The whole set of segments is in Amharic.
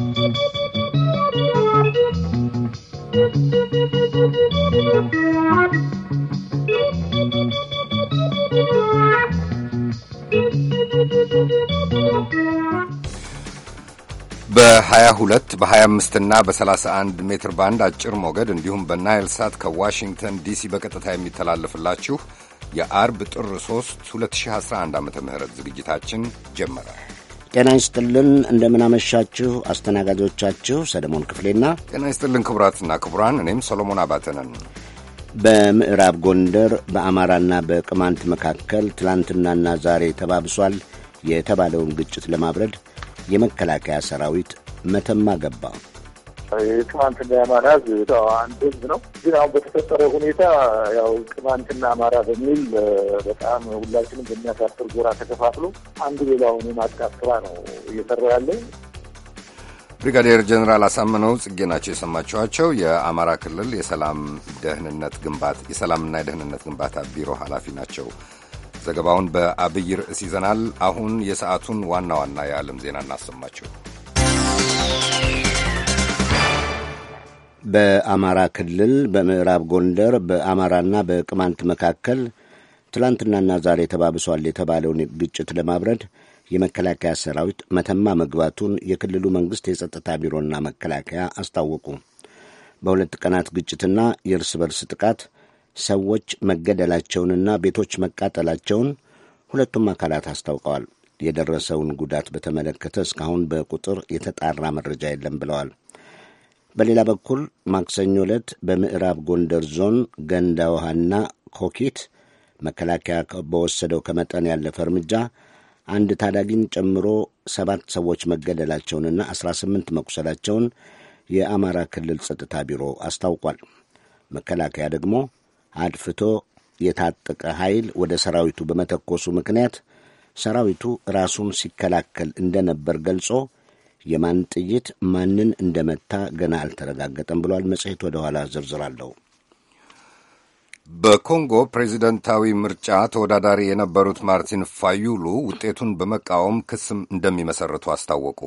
በ22 በ25 እና በ31 ሜትር ባንድ አጭር ሞገድ እንዲሁም በናይል ሳት ከዋሽንግተን ዲሲ በቀጥታ የሚተላለፍላችሁ የአርብ ጥር 3 2011 ዓ ም ዝግጅታችን ጀመረ። ጤና ይስጥልን እንደምናመሻችሁ። አስተናጋጆቻችሁ ሰለሞን ክፍሌና ጤና ይስጥልን ክቡራትና ክቡራን፣ እኔም ሰሎሞን አባተነን። በምዕራብ ጎንደር በአማራና በቅማንት መካከል ትላንትናና ዛሬ ተባብሷል የተባለውን ግጭት ለማብረድ የመከላከያ ሰራዊት መተማ ገባ። ቅማንትና የአማራ ህዝብ አንድ ህዝብ ነው። ግን አሁን በተፈጠረ ሁኔታ ያው ቅማንትና አማራ በሚል በጣም ሁላችንም በሚያሳፍር ጎራ ተከፋፍሎ አንዱ ሌላውን የማጥቃት ስራ ነው እየሰራ ያለ። ብሪጋዴር ጀኔራል አሳምነው ጽጌ ናቸው የሰማችኋቸው። የአማራ ክልል የሰላም ደህንነት ግንባት የሰላምና የደህንነት ግንባታ ቢሮ ኃላፊ ናቸው። ዘገባውን በአብይ ርዕስ ይዘናል። አሁን የሰዓቱን ዋና ዋና የዓለም ዜና እናሰማችሁ። በአማራ ክልል በምዕራብ ጎንደር በአማራና በቅማንት መካከል ትላንትናና ዛሬ ተባብሷል የተባለውን ግጭት ለማብረድ የመከላከያ ሰራዊት መተማ መግባቱን የክልሉ መንግሥት የጸጥታ ቢሮና መከላከያ አስታወቁ። በሁለት ቀናት ግጭትና የእርስ በርስ ጥቃት ሰዎች መገደላቸውንና ቤቶች መቃጠላቸውን ሁለቱም አካላት አስታውቀዋል። የደረሰውን ጉዳት በተመለከተ እስካሁን በቁጥር የተጣራ መረጃ የለም ብለዋል። በሌላ በኩል ማክሰኞ ዕለት በምዕራብ ጎንደር ዞን ገንዳ ውሃና ኮኪት መከላከያ በወሰደው ከመጠን ያለፈ እርምጃ አንድ ታዳጊን ጨምሮ ሰባት ሰዎች መገደላቸውንና 18 መቁሰላቸውን የአማራ ክልል ጸጥታ ቢሮ አስታውቋል። መከላከያ ደግሞ አድፍቶ የታጠቀ ኃይል ወደ ሰራዊቱ በመተኮሱ ምክንያት ሰራዊቱ ራሱን ሲከላከል እንደነበር ገልጾ የማን ጥይት ማንን እንደመታ ገና አልተረጋገጠም ብሏል። መጽሔት ወደ ኋላ ዝርዝር አለው። በኮንጎ ፕሬዚደንታዊ ምርጫ ተወዳዳሪ የነበሩት ማርቲን ፋዩሉ ውጤቱን በመቃወም ክስም እንደሚመሰርቱ አስታወቁ።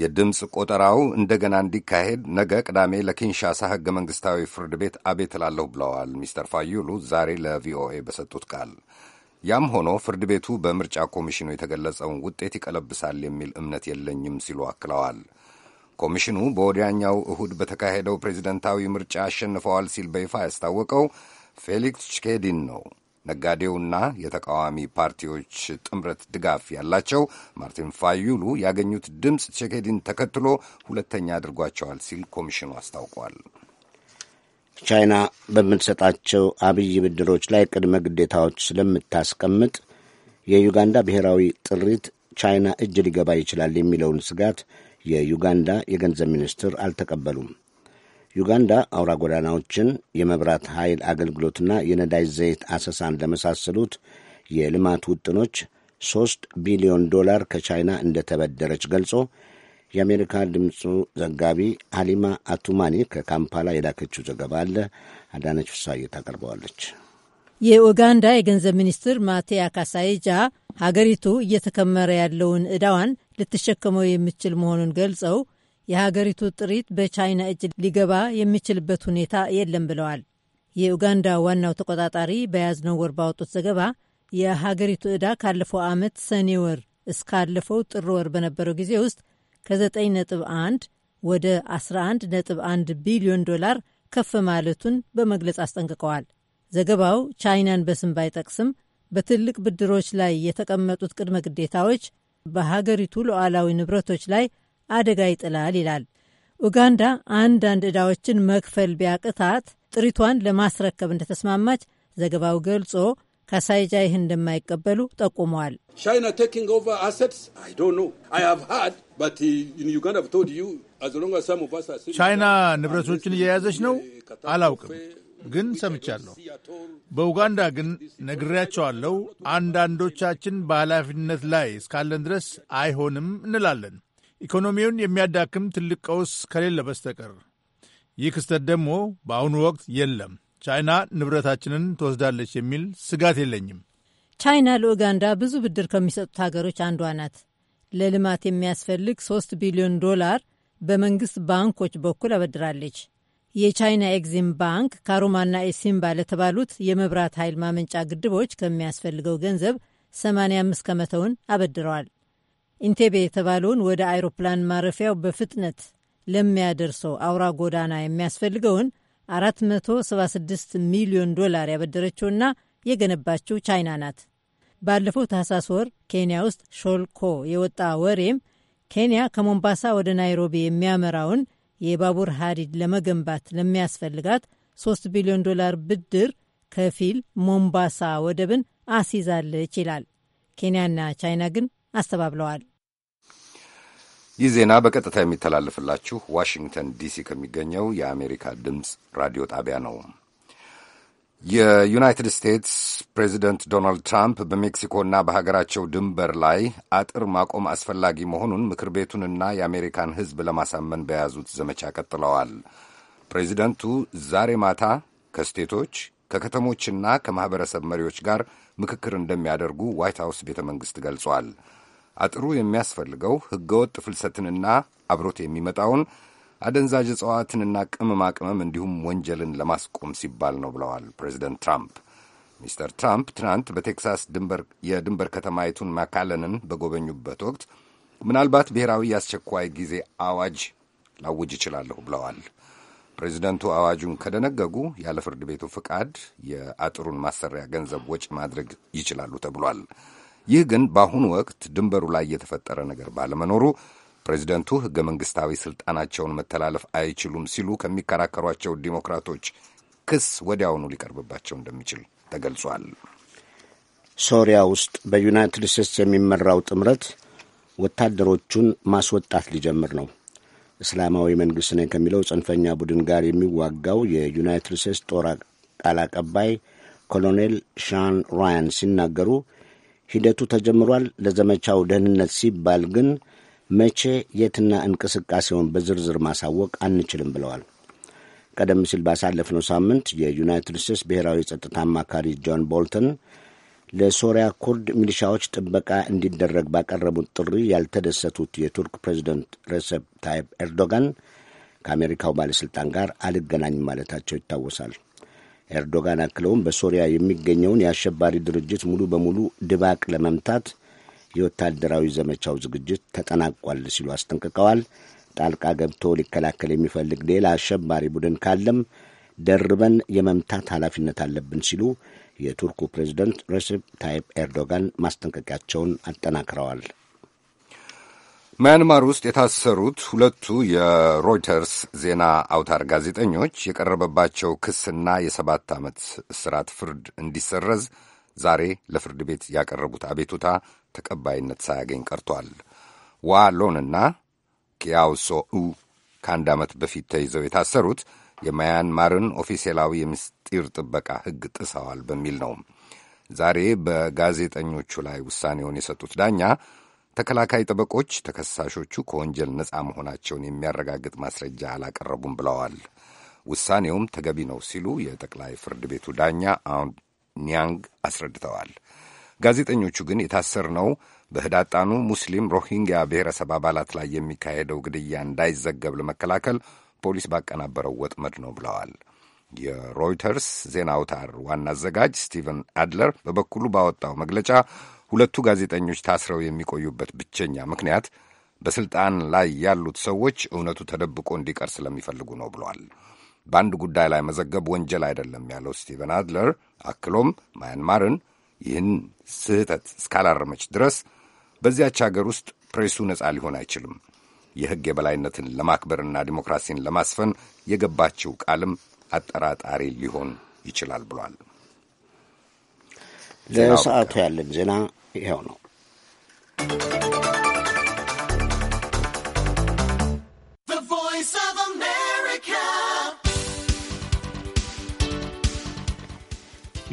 የድምፅ ቆጠራው እንደገና እንዲካሄድ ነገ ቅዳሜ ለኪንሻሳ ሕገ መንግሥታዊ ፍርድ ቤት አቤት እላለሁ ብለዋል። ሚስተር ፋዩሉ ዛሬ ለቪኦኤ በሰጡት ቃል ያም ሆኖ ፍርድ ቤቱ በምርጫ ኮሚሽኑ የተገለጸውን ውጤት ይቀለብሳል የሚል እምነት የለኝም ሲሉ አክለዋል። ኮሚሽኑ በወዲያኛው እሁድ በተካሄደው ፕሬዚደንታዊ ምርጫ አሸንፈዋል ሲል በይፋ ያስታወቀው ፌሊክስ ቺኬዲን ነው። ነጋዴውና የተቃዋሚ ፓርቲዎች ጥምረት ድጋፍ ያላቸው ማርቲን ፋዩሉ ያገኙት ድምፅ ቺኬዲን ተከትሎ ሁለተኛ አድርጓቸዋል ሲል ኮሚሽኑ አስታውቋል። ቻይና በምትሰጣቸው አብይ ብድሮች ላይ ቅድመ ግዴታዎች ስለምታስቀምጥ የዩጋንዳ ብሔራዊ ጥሪት ቻይና እጅ ሊገባ ይችላል የሚለውን ስጋት የዩጋንዳ የገንዘብ ሚኒስትር አልተቀበሉም። ዩጋንዳ አውራ ጎዳናዎችን፣ የመብራት ኃይል አገልግሎትና የነዳጅ ዘይት አሰሳን ለመሳሰሉት የልማት ውጥኖች ሦስት ቢሊዮን ዶላር ከቻይና እንደተበደረች ገልጾ የአሜሪካ ድምፁ ዘጋቢ ሀሊማ አቱማኒ ከካምፓላ የላከችው ዘገባ አለ። አዳነች ፍሳዬ ታቀርበዋለች። የኡጋንዳ የገንዘብ ሚኒስትር ማቴያ ካሳይጃ ሀገሪቱ እየተከመረ ያለውን ዕዳዋን ልትሸከመው የምችል መሆኑን ገልጸው የሀገሪቱ ጥሪት በቻይና እጅ ሊገባ የሚችልበት ሁኔታ የለም ብለዋል። የኡጋንዳ ዋናው ተቆጣጣሪ በያዝነው ወር ባወጡት ዘገባ የሀገሪቱ ዕዳ ካለፈው ዓመት ሰኔ ወር እስካለፈው ጥር ወር በነበረው ጊዜ ውስጥ ከ9.1 ወደ 11.1 ቢሊዮን ዶላር ከፍ ማለቱን በመግለጽ አስጠንቅቀዋል። ዘገባው ቻይናን በስም ባይጠቅስም በትልቅ ብድሮች ላይ የተቀመጡት ቅድመ ግዴታዎች በሀገሪቱ ሉዓላዊ ንብረቶች ላይ አደጋ ይጥላል ይላል። ኡጋንዳ አንዳንድ ዕዳዎችን መክፈል ቢያቅታት ጥሪቷን ለማስረከብ እንደተስማማች ዘገባው ገልጾ ካሳይጃ ይህን እንደማይቀበሉ ጠቁመዋል። ቻይና ንብረቶችን እየያዘች ነው አላውቅም፣ ግን ሰምቻለሁ። በኡጋንዳ ግን ነግሬያቸዋለሁ። አንዳንዶቻችን በኃላፊነት ላይ እስካለን ድረስ አይሆንም እንላለን፣ ኢኮኖሚውን የሚያዳክም ትልቅ ቀውስ ከሌለ በስተቀር። ይህ ክስተት ደግሞ በአሁኑ ወቅት የለም። ቻይና ንብረታችንን ትወስዳለች የሚል ስጋት የለኝም። ቻይና ለኡጋንዳ ብዙ ብድር ከሚሰጡት ሀገሮች አንዷ ናት። ለልማት የሚያስፈልግ 3 ቢሊዮን ዶላር በመንግስት ባንኮች በኩል አበድራለች። የቻይና ኤግዚም ባንክ ካሩማና ኤሲምባ ለተባሉት የመብራት ኃይል ማመንጫ ግድቦች ከሚያስፈልገው ገንዘብ 85 ከመተውን አበድረዋል። ኢንቴቤ የተባለውን ወደ አይሮፕላን ማረፊያው በፍጥነት ለሚያደርሰው አውራ ጎዳና የሚያስፈልገውን 476 ሚሊዮን ዶላር ያበደረችውና የገነባችው ቻይና ናት። ባለፈው ታህሳስ ወር ኬንያ ውስጥ ሾልኮ የወጣ ወሬም ኬንያ ከሞምባሳ ወደ ናይሮቢ የሚያመራውን የባቡር ሀዲድ ለመገንባት ለሚያስፈልጋት 3 ቢሊዮን ዶላር ብድር ከፊል ሞምባሳ ወደብን አስይዛለች ይላል። ኬንያና ቻይና ግን አስተባብለዋል። ይህ ዜና በቀጥታ የሚተላለፍላችሁ ዋሽንግተን ዲሲ ከሚገኘው የአሜሪካ ድምፅ ራዲዮ ጣቢያ ነው። የዩናይትድ ስቴትስ ፕሬዚደንት ዶናልድ ትራምፕ በሜክሲኮና በሀገራቸው ድንበር ላይ አጥር ማቆም አስፈላጊ መሆኑን ምክር ቤቱንና የአሜሪካን ሕዝብ ለማሳመን በያዙት ዘመቻ ቀጥለዋል። ፕሬዚደንቱ ዛሬ ማታ ከስቴቶች ከከተሞችና ከማኅበረሰብ መሪዎች ጋር ምክክር እንደሚያደርጉ ዋይት ሀውስ ቤተ መንግሥት ገልጿል። አጥሩ የሚያስፈልገው ሕገወጥ ፍልሰትንና አብሮት የሚመጣውን አደንዛዥ እጽዋትንና ቅመማ ቅመም እንዲሁም ወንጀልን ለማስቆም ሲባል ነው ብለዋል ፕሬዚደንት ትራምፕ። ሚስተር ትራምፕ ትናንት በቴክሳስ የድንበር ከተማይቱን ማካለንን በጎበኙበት ወቅት ምናልባት ብሔራዊ የአስቸኳይ ጊዜ አዋጅ ላውጅ እችላለሁ ብለዋል። ፕሬዚደንቱ አዋጁን ከደነገጉ ያለ ፍርድ ቤቱ ፍቃድ የአጥሩን ማሰሪያ ገንዘብ ወጪ ማድረግ ይችላሉ ተብሏል። ይህ ግን በአሁኑ ወቅት ድንበሩ ላይ የተፈጠረ ነገር ባለመኖሩ ፕሬዚደንቱ ህገ መንግስታዊ ስልጣናቸውን መተላለፍ አይችሉም ሲሉ ከሚከራከሯቸው ዲሞክራቶች ክስ ወዲያውኑ ሊቀርብባቸው እንደሚችል ተገልጿል። ሶሪያ ውስጥ በዩናይትድ ስቴትስ የሚመራው ጥምረት ወታደሮቹን ማስወጣት ሊጀምር ነው። እስላማዊ መንግሥት ነኝ ከሚለው ጽንፈኛ ቡድን ጋር የሚዋጋው የዩናይትድ ስቴትስ ጦር ቃል አቀባይ ኮሎኔል ሻን ራያን ሲናገሩ ሂደቱ ተጀምሯል፣ ለዘመቻው ደህንነት ሲባል ግን መቼ የትና እንቅስቃሴውን በዝርዝር ማሳወቅ አንችልም ብለዋል። ቀደም ሲል ባሳለፍነው ሳምንት የዩናይትድ ስቴትስ ብሔራዊ ጸጥታ አማካሪ ጆን ቦልተን ለሶሪያ ኩርድ ሚሊሻዎች ጥበቃ እንዲደረግ ባቀረቡት ጥሪ ያልተደሰቱት የቱርክ ፕሬዚደንት ሬሰፕ ታይፕ ኤርዶጋን ከአሜሪካው ባለሥልጣን ጋር አልገናኝም ማለታቸው ይታወሳል። ኤርዶጋን አክለውም በሶሪያ የሚገኘውን የአሸባሪ ድርጅት ሙሉ በሙሉ ድባቅ ለመምታት የወታደራዊ ዘመቻው ዝግጅት ተጠናቋል ሲሉ አስጠንቅቀዋል። ጣልቃ ገብቶ ሊከላከል የሚፈልግ ሌላ አሸባሪ ቡድን ካለም ደርበን የመምታት ኃላፊነት አለብን ሲሉ የቱርኩ ፕሬዝደንት ሬሴፕ ታይፕ ኤርዶጋን ማስጠንቀቂያቸውን አጠናክረዋል። ማያንማር ውስጥ የታሰሩት ሁለቱ የሮይተርስ ዜና አውታር ጋዜጠኞች የቀረበባቸው ክስና የሰባት ዓመት እስራት ፍርድ እንዲሰረዝ ዛሬ ለፍርድ ቤት ያቀረቡት አቤቱታ ተቀባይነት ሳያገኝ ቀርቷል። ዋ ሎንና ኪያውሶ ኡ ከአንድ ዓመት በፊት ተይዘው የታሰሩት የማያንማርን ኦፊሴላዊ የምስጢር ጥበቃ ሕግ ጥሰዋል በሚል ነው። ዛሬ በጋዜጠኞቹ ላይ ውሳኔውን የሰጡት ዳኛ ተከላካይ ጠበቆች ተከሳሾቹ ከወንጀል ነፃ መሆናቸውን የሚያረጋግጥ ማስረጃ አላቀረቡም ብለዋል። ውሳኔውም ተገቢ ነው ሲሉ የጠቅላይ ፍርድ ቤቱ ዳኛ አሁን ኒያንግ አስረድተዋል። ጋዜጠኞቹ ግን የታሰርነው በህዳጣኑ ሙስሊም ሮሂንግያ ብሔረሰብ አባላት ላይ የሚካሄደው ግድያ እንዳይዘገብ ለመከላከል ፖሊስ ባቀናበረው ወጥመድ ነው ብለዋል። የሮይተርስ ዜና አውታር ዋና አዘጋጅ ስቲቨን አድለር በበኩሉ ባወጣው መግለጫ ሁለቱ ጋዜጠኞች ታስረው የሚቆዩበት ብቸኛ ምክንያት በስልጣን ላይ ያሉት ሰዎች እውነቱ ተደብቆ እንዲቀር ስለሚፈልጉ ነው ብሏል። በአንድ ጉዳይ ላይ መዘገብ ወንጀል አይደለም ያለው ስቲቨን አድለር አክሎም ማያንማርን ይህን ስህተት እስካላረመች ድረስ በዚያች አገር ውስጥ ፕሬሱ ነጻ ሊሆን አይችልም። የሕግ የበላይነትን ለማክበርና ዲሞክራሲን ለማስፈን የገባችው ቃልም አጠራጣሪ ሊሆን ይችላል ብሏል። ለሰዓቱ ያለን ዜና ይኸው ነው።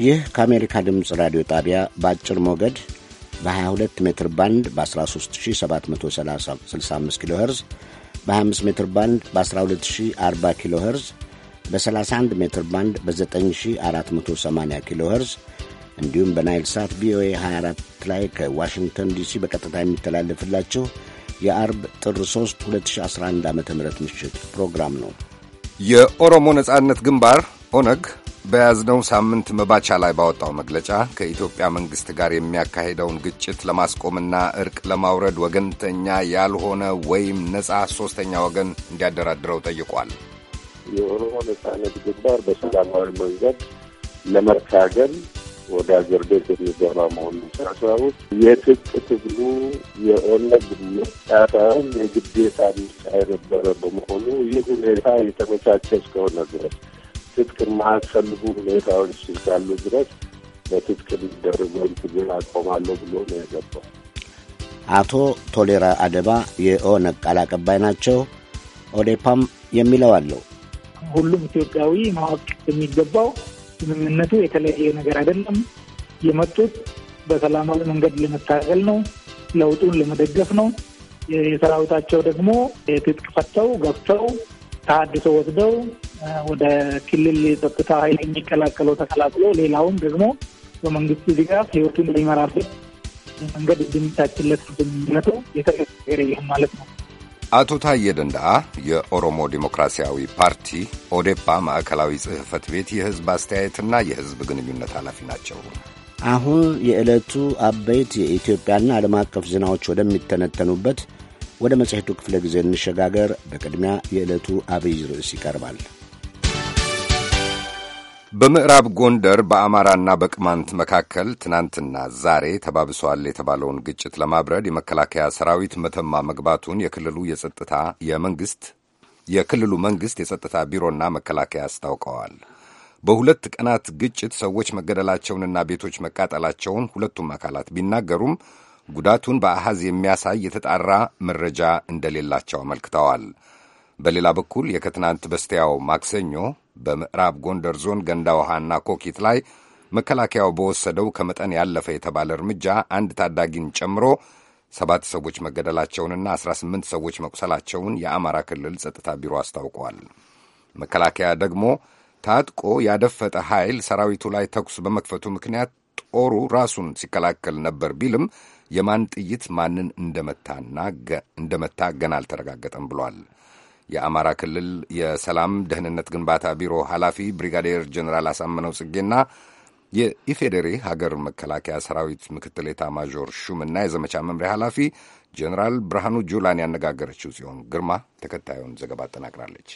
ይህ ከአሜሪካ ድምፅ ራዲዮ ጣቢያ በአጭር ሞገድ በ22 ሜትር ባንድ በ13765 ኪሎ ኸርዝ በ25 ሜትር ባንድ በ1240 ኪሎ ኸርዝ በ31 ሜትር ባንድ በ9480 ኪሎ ኸርዝ እንዲሁም በናይል ሳት ቪኦኤ 24 ላይ ከዋሽንግተን ዲሲ በቀጥታ የሚተላለፍላችሁ የአርብ ጥር 3 2011 ዓ ም ምሽት ፕሮግራም ነው። የኦሮሞ ነጻነት ግንባር ኦነግ በያዝነው ሳምንት መባቻ ላይ ባወጣው መግለጫ ከኢትዮጵያ መንግሥት ጋር የሚያካሂደውን ግጭት ለማስቆምና እርቅ ለማውረድ ወገንተኛ ያልሆነ ወይም ነጻ ሦስተኛ ወገን እንዲያደራድረው ጠይቋል። የኦሮሞ ነጻነት ግንባር በሰላማዊ መንገድ ለመታገል ወደ አገር ቤት የሚገባ መሆኑን ሳሳቦች የትጥቅ ትግሉ የኦነግ ምርጫ የግዴታ ምርጫ የነበረ በመሆኑ ይህ ሁኔታ የተመቻቸ እስከሆነ ድረስ ትጥቅ የማያስፈልጉ ሁኔታዎች እስካሉ ድረስ በትጥቅ ሊደረግ ወይም ትግል አቆማለሁ ብሎ ነው የገባው። አቶ ቶሌራ አደባ የኦነግ ቃል አቀባይ ናቸው። ኦዴፓም የሚለው አለው። ሁሉም ኢትዮጵያዊ ማወቅ የሚገባው ስምምነቱ የተለያየ ነገር አይደለም። የመጡት በሰላማዊ መንገድ ለመታገል ነው፣ ለውጡን ለመደገፍ ነው። የሰራዊታቸው ደግሞ የትጥቅ ፈተው ገብተው ተሃድሶ ወስደው ወደ ክልል የጸጥታ ኃይል የሚቀላቀለው ተቀላቅሎ ሌላውን ደግሞ በመንግስቱ ድጋፍ ህይወቱን ሊመራበት መንገድ እንደሚታችለት እንደሚመረተው የተገገረ ይህም ማለት ነው። አቶ ታየ ደንደአ የኦሮሞ ዴሞክራሲያዊ ፓርቲ ኦዴፓ ማዕከላዊ ጽህፈት ቤት የህዝብ አስተያየትና የህዝብ ግንኙነት ኃላፊ ናቸው። አሁን የዕለቱ አበይት የኢትዮጵያና ዓለም አቀፍ ዜናዎች ወደሚተነተኑበት ወደ መጽሔቱ ክፍለ ጊዜ እንሸጋገር። በቅድሚያ የዕለቱ አብይ ርዕስ ይቀርባል። በምዕራብ ጎንደር በአማራና በቅማንት መካከል ትናንትና ዛሬ ተባብሷል የተባለውን ግጭት ለማብረድ የመከላከያ ሰራዊት መተማ መግባቱን የክልሉ የጸጥታ የመንግስት የክልሉ መንግስት የጸጥታ ቢሮና መከላከያ አስታውቀዋል። በሁለት ቀናት ግጭት ሰዎች መገደላቸውንና ቤቶች መቃጠላቸውን ሁለቱም አካላት ቢናገሩም ጉዳቱን በአሐዝ የሚያሳይ የተጣራ መረጃ እንደሌላቸው አመልክተዋል። በሌላ በኩል የከትናንት በስቲያው ማክሰኞ በምዕራብ ጎንደር ዞን ገንዳ ውሃና ኮኪት ላይ መከላከያው በወሰደው ከመጠን ያለፈ የተባለ እርምጃ አንድ ታዳጊን ጨምሮ ሰባት ሰዎች መገደላቸውንና 18 ሰዎች መቁሰላቸውን የአማራ ክልል ጸጥታ ቢሮ አስታውቋል። መከላከያ ደግሞ ታጥቆ ያደፈጠ ኃይል ሰራዊቱ ላይ ተኩስ በመክፈቱ ምክንያት ጦሩ ራሱን ሲከላከል ነበር ቢልም የማን ጥይት ማንን እንደመታና እንደመታ ገና አልተረጋገጠም ብሏል። የአማራ ክልል የሰላም ደህንነት ግንባታ ቢሮ ኃላፊ ብሪጋዴር ጀኔራል አሳምነው ጽጌና የኢፌዴሪ ሀገር መከላከያ ሰራዊት ምክትል ኤታማዦር ሹምና የዘመቻ መምሪያ ኃላፊ ጀኔራል ብርሃኑ ጁላን ያነጋገረችው ሲሆን ግርማ ተከታዩን ዘገባ አጠናቅራለች።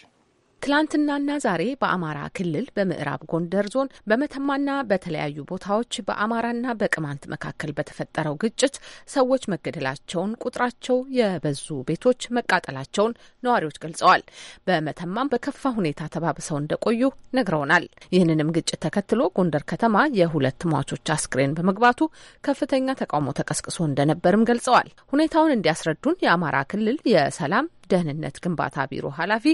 ትላንትናና ዛሬ በአማራ ክልል በምዕራብ ጎንደር ዞን በመተማና በተለያዩ ቦታዎች በአማራና በቅማንት መካከል በተፈጠረው ግጭት ሰዎች መገደላቸውን፣ ቁጥራቸው የበዙ ቤቶች መቃጠላቸውን ነዋሪዎች ገልጸዋል። በመተማም በከፋ ሁኔታ ተባብሰው እንደቆዩ ነግረውናል። ይህንንም ግጭት ተከትሎ ጎንደር ከተማ የሁለት ሟቾች አስክሬን በመግባቱ ከፍተኛ ተቃውሞ ተቀስቅሶ እንደነበርም ገልጸዋል። ሁኔታውን እንዲያስረዱን የአማራ ክልል የሰላም ደህንነት ግንባታ ቢሮ ኃላፊ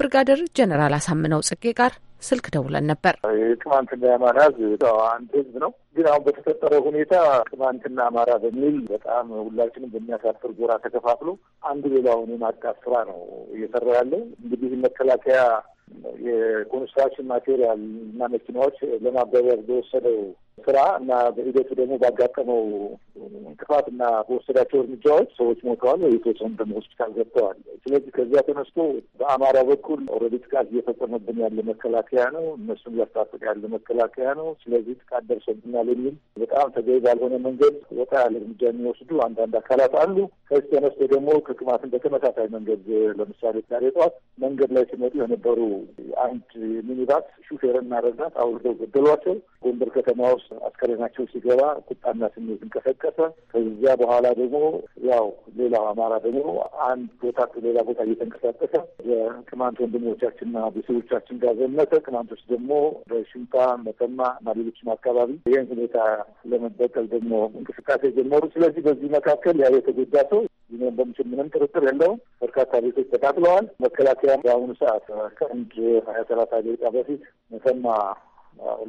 ብርጋደር ጀኔራል አሳምነው ጽጌ ጋር ስልክ ደውለን ነበር። የቅማንትና የአማራ ሕዝብ አንድ ህዝብ ነው። ግን አሁን በተፈጠረ ሁኔታ ቅማንትና አማራ በሚል በጣም ሁላችንም በሚያሳፍር ጎራ ተከፋፍሎ አንዱ ሌላውን የማጥቃት ስራ ነው እየሰራ ያለው። እንግዲህ መከላከያ የኮንስትራክሽን ማቴሪያል እና መኪናዎች ለማጓጓዝ በወሰደው ስራ እና በሂደቱ ደግሞ ባጋጠመው እንቅፋት እና በወሰዳቸው እርምጃዎች ሰዎች ሞተዋል ወይ የተወሰኑ ደግሞ ሆስፒታል ገብተዋል። ስለዚህ ከዚያ ተነስቶ በአማራ በኩል ኦልሬዲ ጥቃት እየፈጸመብን ያለ መከላከያ ነው፣ እነሱን እያስታጠቀ ያለ መከላከያ ነው። ስለዚህ ጥቃት ደርሶብናል የሚል በጣም ተገቢ ባልሆነ መንገድ ወጣ ያለ እርምጃ የሚወስዱ አንዳንድ አካላት አሉ። ከዚህ ተነስቶ ደግሞ ከቅማትን በተመሳሳይ መንገድ ለምሳሌ ዛሬ ጠዋት መንገድ ላይ ሲመጡ የነበሩ አንድ ሚኒባስ ሹፌርና ረዳት አውርደው ገደሏቸው ጎንደር ከተማ ድረስ አስከሬናቸው ሲገባ ቁጣና ስሜት እንቀሰቀሰ። ከዚያ በኋላ ደግሞ ያው ሌላው አማራ ደግሞ አንድ ቦታ ሌላ ቦታ እየተንቀሳቀሰ የቅማንት ወንድሞቻችንና ቤተሰቦቻችን ጋር ዘመተ። ቅማንቶች ደግሞ በሽምጣ መተማ እና ሌሎችም አካባቢ ይህን ሁኔታ ለመበቀል ደግሞ እንቅስቃሴ ጀመሩ። ስለዚህ በዚህ መካከል ያው የተጎዳ ሰው ይኖር በምችል ምንም ጥርጥር የለውም። በርካታ ቤቶች ተቃጥለዋል። መከላከያ በአሁኑ ሰዓት ከአንድ ሀያ ሰላሳ ደቂቃ በፊት መተማ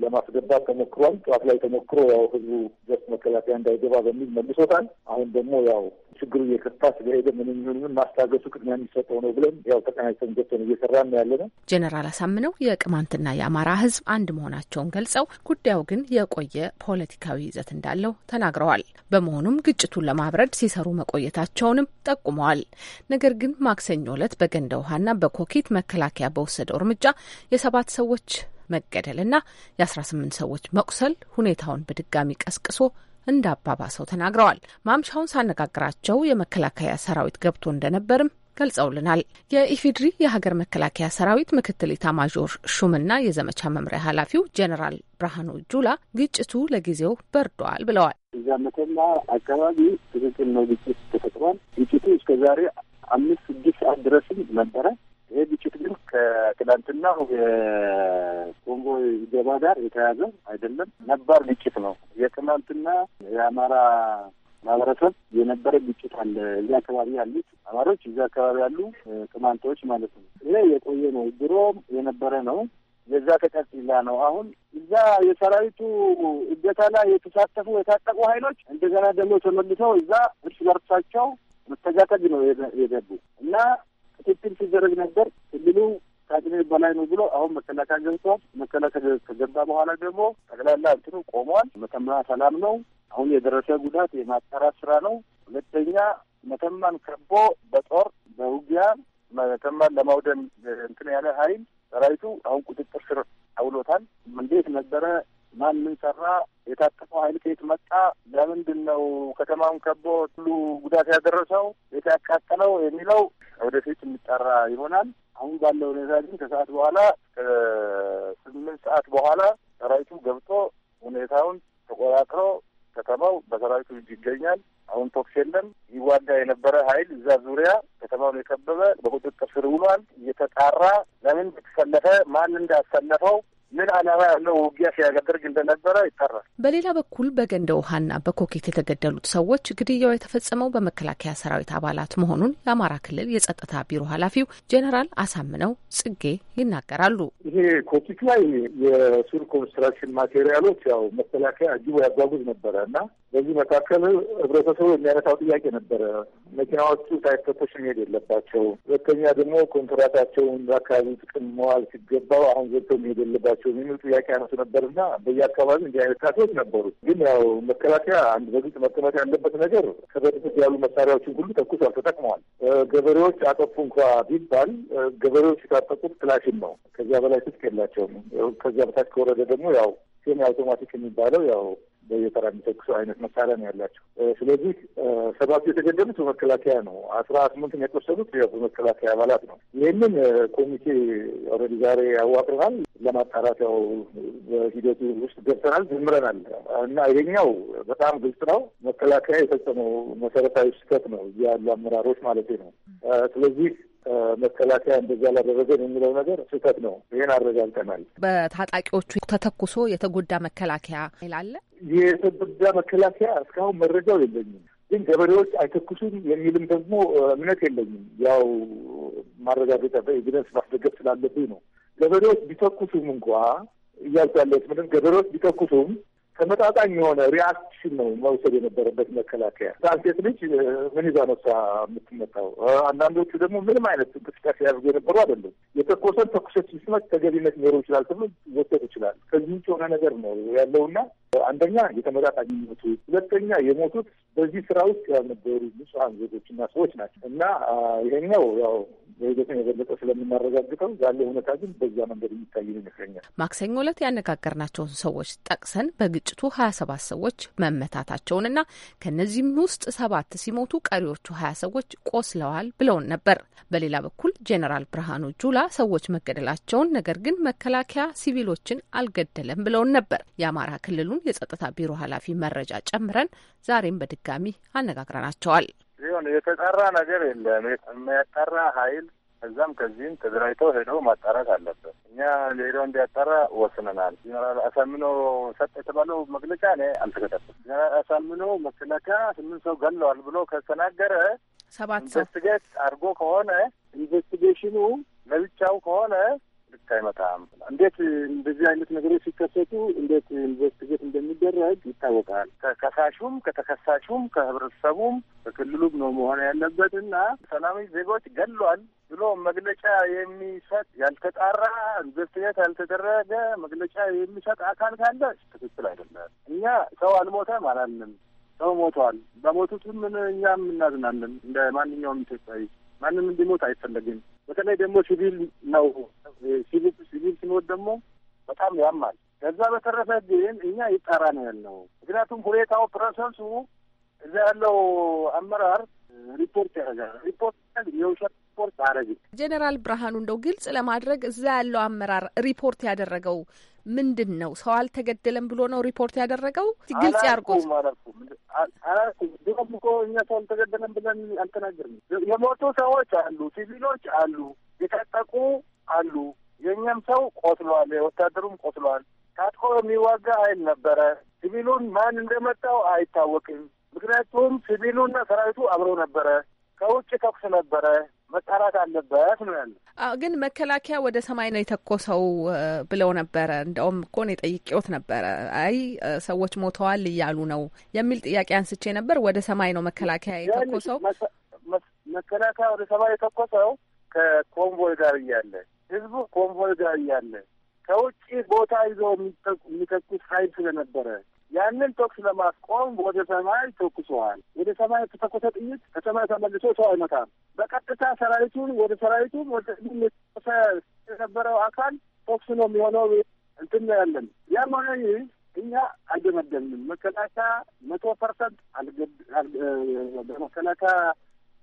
ለማስገባት ተሞክሯል። ጠዋት ላይ ተሞክሮ ያው ህዝቡ ጀስት መከላከያ እንዳይገባ በሚል መልሶታል። አሁን ደግሞ ያው ችግሩ እየከፋ ስለሄደ ምንም ይሁን ምን ማስታገሱ ቅድሚያ የሚሰጠው ነው ብለን ያው ተቀናጅተን ገብተን እየሰራ ነው ያለ ነው። ጀኔራል አሳምነው የቅማንትና የአማራ ህዝብ አንድ መሆናቸውን ገልጸው ጉዳዩ ግን የቆየ ፖለቲካዊ ይዘት እንዳለው ተናግረዋል። በመሆኑም ግጭቱን ለማብረድ ሲሰሩ መቆየታቸውንም ጠቁመዋል። ነገር ግን ማክሰኞ ለት በገንደ ውሃና በኮኬት መከላከያ በወሰደው እርምጃ የሰባት ሰዎች መገደልና የ18 ሰዎች መቁሰል ሁኔታውን በድጋሚ ቀስቅሶ እንዳባባሰው ተናግረዋል። ማምሻውን ሳነጋግራቸው የመከላከያ ሰራዊት ገብቶ እንደነበርም ገልጸውልናል። የኢፌድሪ የሀገር መከላከያ ሰራዊት ምክትል ኢታማዦር ሹምና የዘመቻ መምሪያ ኃላፊው ጀኔራል ብርሃኑ ጁላ ግጭቱ ለጊዜው በርዷል ብለዋል። እዛ መተማ አካባቢ ትክክል ነው፣ ግጭት ተፈጥሯል። ግጭቱ እስከዛሬ አምስት ስድስት ሰዓት ድረስም ነበረ። ይሄ ግጭት ግን ከትላንትናው የኮንጎ ገባ ጋር የተያዘ አይደለም፣ ነባር ግጭት ነው። የትላንትና የአማራ ማህበረሰብ የነበረ ግጭት አለ። እዚህ አካባቢ ያሉት አማሮች እዚህ አካባቢ ያሉ ቅማንቶች ማለት ነው። ይሄ የቆየ ነው፣ ድሮም የነበረ ነው። የዛ ተቀጥላ ነው። አሁን እዛ የሰራዊቱ እገታ ላይ የተሳተፉ የታጠቁ ኃይሎች እንደገና ደግሞ ተመልሰው እዛ እርስ በርሳቸው መተጋተግ ነው የገቡ እና ክትትል ሲደረግ ነበር። ክልሉ ከአቅሜ በላይ ነው ብሎ አሁን መከላከያ ገብቷል። መከላከያ ከገባ በኋላ ደግሞ ጠቅላላ እንትኑ ቆሟል። መተማ ሰላም ነው። አሁን የደረሰ ጉዳት የማጣራት ስራ ነው። ሁለተኛ መተማን ከቦ በጦር በውጊያ መተማን ለማውደም እንትን ያለ ኃይል ሰራዊቱ አሁን ቁጥጥር ስር አውሎታል። እንዴት ነበረ ማን ምን ሰራ፣ የታጠቀው ኃይል ከየት መጣ፣ ለምንድን ነው ከተማውን ከቦ ሁሉ ጉዳት ያደረሰው፣ ቤት ያቃጠለው የሚለው ወደፊት የሚጠራ ይሆናል። አሁን ባለው ሁኔታ ግን ከሰዓት በኋላ ከስምንት ሰዓት በኋላ ሰራዊቱ ገብቶ ሁኔታውን ተቆጣጥሮ ከተማው በሰራዊቱ እጅ ይገኛል። አሁን ቶክስ የለም። ይዋጋ የነበረ ኃይል እዛ ዙሪያ ከተማውን የከበበ በቁጥጥር ስር ውሏል። እየተጣራ ለምን እንደተሰለፈ ማን እንዳሰለፈው ምን ዓላማ ያለው ውጊያ ሲያደርግ እንደነበረ ይጠራል። በሌላ በኩል በገንደ ውሃና በኮኬት የተገደሉት ሰዎች ግድያው የተፈጸመው በመከላከያ ሰራዊት አባላት መሆኑን የአማራ ክልል የጸጥታ ቢሮ ኃላፊው ጄኔራል አሳምነው ጽጌ ይናገራሉ። ይሄ ኮኬት ላይ የሱር ኮንስትራክሽን ማቴሪያሎች ያው መከላከያ እጅቦ ያጓጉዝ ነበረ እና በዚህ መካከል ህብረተሰቡ የሚያነሳው ጥያቄ ነበረ። መኪናዎቹ ሳይፈተሽ መሄድ የለባቸው፣ ሁለተኛ ደግሞ ኮንትራታቸውን በአካባቢ ጥቅም መዋል ሲገባው አሁን ዘግተው መሄድ የለባቸው የላቸውም የሚል ጥያቄ አነሱ ነበር እና በየአካባቢ እንዲህ አይነት ካሴዎች ነበሩ። ግን ያው መከላከያ አንድ በግልጽ መቀመጥ ያለበት ነገር ከበፊት ያሉ መሳሪያዎችን ሁሉ ተኩሷል፣ ተጠቅመዋል። ገበሬዎች አጠፉ እንኳ ቢባል ገበሬዎች የታጠቁት ክላሽን ነው። ከዚያ በላይ ትጥቅ የላቸውም። ከዚያ በታች ከወረደ ደግሞ ያው ሴሚ አውቶማቲክ የሚባለው ያው በየተራ የሚተኩሱ አይነት መሳሪያ ነው ያላቸው። ስለዚህ ሰባቱ የተገደሉት በመከላከያ ነው። አስራ ስምንትን የቆሰሉት በመከላከያ አባላት ነው። ይህንን ኮሚቴ ኦልሬዲ ዛሬ አዋቅረናል። ለማጣራት ያው በሂደቱ ውስጥ ገብተናል፣ ጀምረናል እና ይሄኛው በጣም ግልጽ ነው። መከላከያ የፈጸመው መሰረታዊ ስህተት ነው ያሉ አመራሮች ማለት ነው። ስለዚህ መከላከያ እንደዛ አላደረገን የሚለው ነገር ስህተት ነው። ይህን አረጋግጠናል። በታጣቂዎቹ ተተኩሶ የተጎዳ መከላከያ ይላለ። የተጎዳ መከላከያ እስካሁን መረጃው የለኝም፣ ግን ገበሬዎች አይተኩሱም የሚልም ደግሞ እምነት የለኝም። ያው ማረጋገጫ በኤቪደንስ ማስደገፍ ስላለብኝ ነው። ገበሬዎች ቢተኩሱም እንኳ እያልኩ ያለሁት ምንም ገበሬዎች ቢተኩሱም ተመጣጣኝ የሆነ ሪያክሽን ነው መውሰድ የነበረበት መከላከያ። ሴት ልጅ ምን ይዛ ነው እሷ የምትመጣው? አንዳንዶቹ ደግሞ ምንም አይነት እንቅስቃሴ ያደርጉ የነበሩ አይደለም። የተኮሰን ተኩሶች ሲስመት ተገቢነት ሊኖረው ይችላል ተብሎ ወሰድ ይችላል። ከዚህ ውጭ የሆነ ነገር ነው ያለውና አንደኛ ሞቱ፣ ሁለተኛ የሞቱት በዚህ ስራ ውስጥ ያልነበሩ ንጹሐን እና ሰዎች ናቸው እና ይሄኛው ያው በሂደትን የበለጠ ስለምናረጋግጠው ያለ ሁኔታ ግን በዚያ መንገድ የሚታይ ይመስለኛል። ማክሰኞ ዕለት ያነጋገርናቸውን ሰዎች ጠቅሰን በግጭቱ ሀያ ሰባት ሰዎች መመታታቸውንና ከእነዚህም ውስጥ ሰባት ሲሞቱ ቀሪዎቹ ሀያ ሰዎች ቆስለዋል ብለውን ነበር። በሌላ በኩል ጄኔራል ብርሃኑ ጁላ ሰዎች መገደላቸውን ነገር ግን መከላከያ ሲቪሎችን አልገደለም ብለውን ነበር። የአማራ ክልሉን የጸጥታ ቢሮ ኃላፊ መረጃ ጨምረን ዛሬም በድጋሚ አነጋግረናቸዋል። ይሁን የተጠራ ነገር የለም። የሚያጠራ ኃይል ከዛም ከዚህም ተደራጅተው ሄደው ማጣራት አለበት። እኛ ሄደው እንዲያጠራ ወስነናል። ጀነራል አሳምኖ ሰጥ የተባለው መግለጫ እኔ አልተከታተልኩም። ጀነራል አሳምኖ መከላከያ ስምንት ሰው ገለዋል ብሎ ከተናገረ ሰባት ሰው ኢንቨስቲጌት አድርጎ ከሆነ ኢንቨስቲጌሽኑ ለብቻው ከሆነ ልክ አይመጣም። እንዴት እንደዚህ አይነት ነገሮች ሲከሰቱ እንዴት ኢንቨስቲጌት እንደሚደረግ ይታወቃል። ከከሳሹም ከተከሳሹም ከህብረተሰቡም ከክልሉም ነው መሆን ያለበት እና ሰላማዊ ዜጎች ገሏል ብሎ መግለጫ የሚሰጥ ያልተጣራ ኢንቨስቲጌት ያልተደረገ መግለጫ የሚሰጥ አካል ካለ ትክክል አይደለም። እኛ ሰው አልሞተም አላልንም። ሰው ሞቷል። በሞቱት ምን እኛም እናዝናለን እንደ ማንኛውም ኢትዮጵያዊ። ማንም እንዲሞት አይፈለግም። በተለይ ደግሞ ሲቪል ነው። ሲቪል ሲኖር ደግሞ በጣም ያማል። ከዛ በተረፈ ግን እኛ ይጣራ ነው ያለው። ምክንያቱም ሁኔታው ፕሮሰሱ እዛ ያለው አመራር ሪፖርት ያደርጋል። ሪፖርት የውሸት ሪፖርት አረግ ጄኔራል ብርሃኑ እንደው ግልጽ ለማድረግ እዛ ያለው አመራር ሪፖርት ያደረገው ምንድን ነው? ሰው አልተገደለም ብሎ ነው ሪፖርት ያደረገው? ግልጽ ያርጎት አላልኩም። ድሮም እኮ እኛ ሰው አልተገደለም ብለን አልተናገርም። የሞቱ ሰዎች አሉ፣ ሲቪሎች አሉ፣ የታጠቁ አሉ። የእኛም ሰው ቆስሏል፣ የወታደሩም ቆስሏል። ታጥቆ የሚዋጋ ኃይል ነበረ። ሲቪሉን ማን እንደመጣው አይታወቅም። ምክንያቱም ሲቪሉና ሰራዊቱ አብሮ ነበረ። ከውጭ ተኩስ ነበረ። መጣራት አለበት ነው ያለ። ግን መከላከያ ወደ ሰማይ ነው የተኮሰው ብለው ነበረ። እንደውም እኮ እኔ ጠይቄዎት ነበረ። አይ ሰዎች ሞተዋል እያሉ ነው የሚል ጥያቄ አንስቼ ነበር። ወደ ሰማይ ነው መከላከያ የተኮሰው። መከላከያ ወደ ሰማይ የተኮሰው ከኮንቮይ ጋር እያለ ህዝቡ ኮንቮይ ጋር እያለ ከውጭ ቦታ ይዘው የሚተኩስ ኃይል ስለነበረ ያንን ተኩስ ለማስቆም ወደ ሰማይ ተኩሰዋል። ወደ ሰማይ ከተኮሰ ጥይት ከሰማይ ተመልሶ ሰው አይመታም። በቀጥታ ሰራዊቱን ወደ ሰራዊቱ ወደ ተኮሰ የነበረው አካል ተኩስ ነው የሚሆነው። እንትን ነው ያለን ያ ማለ እኛ አልደመደምንም። መከላከያ መቶ ፐርሰንት በመከላከያ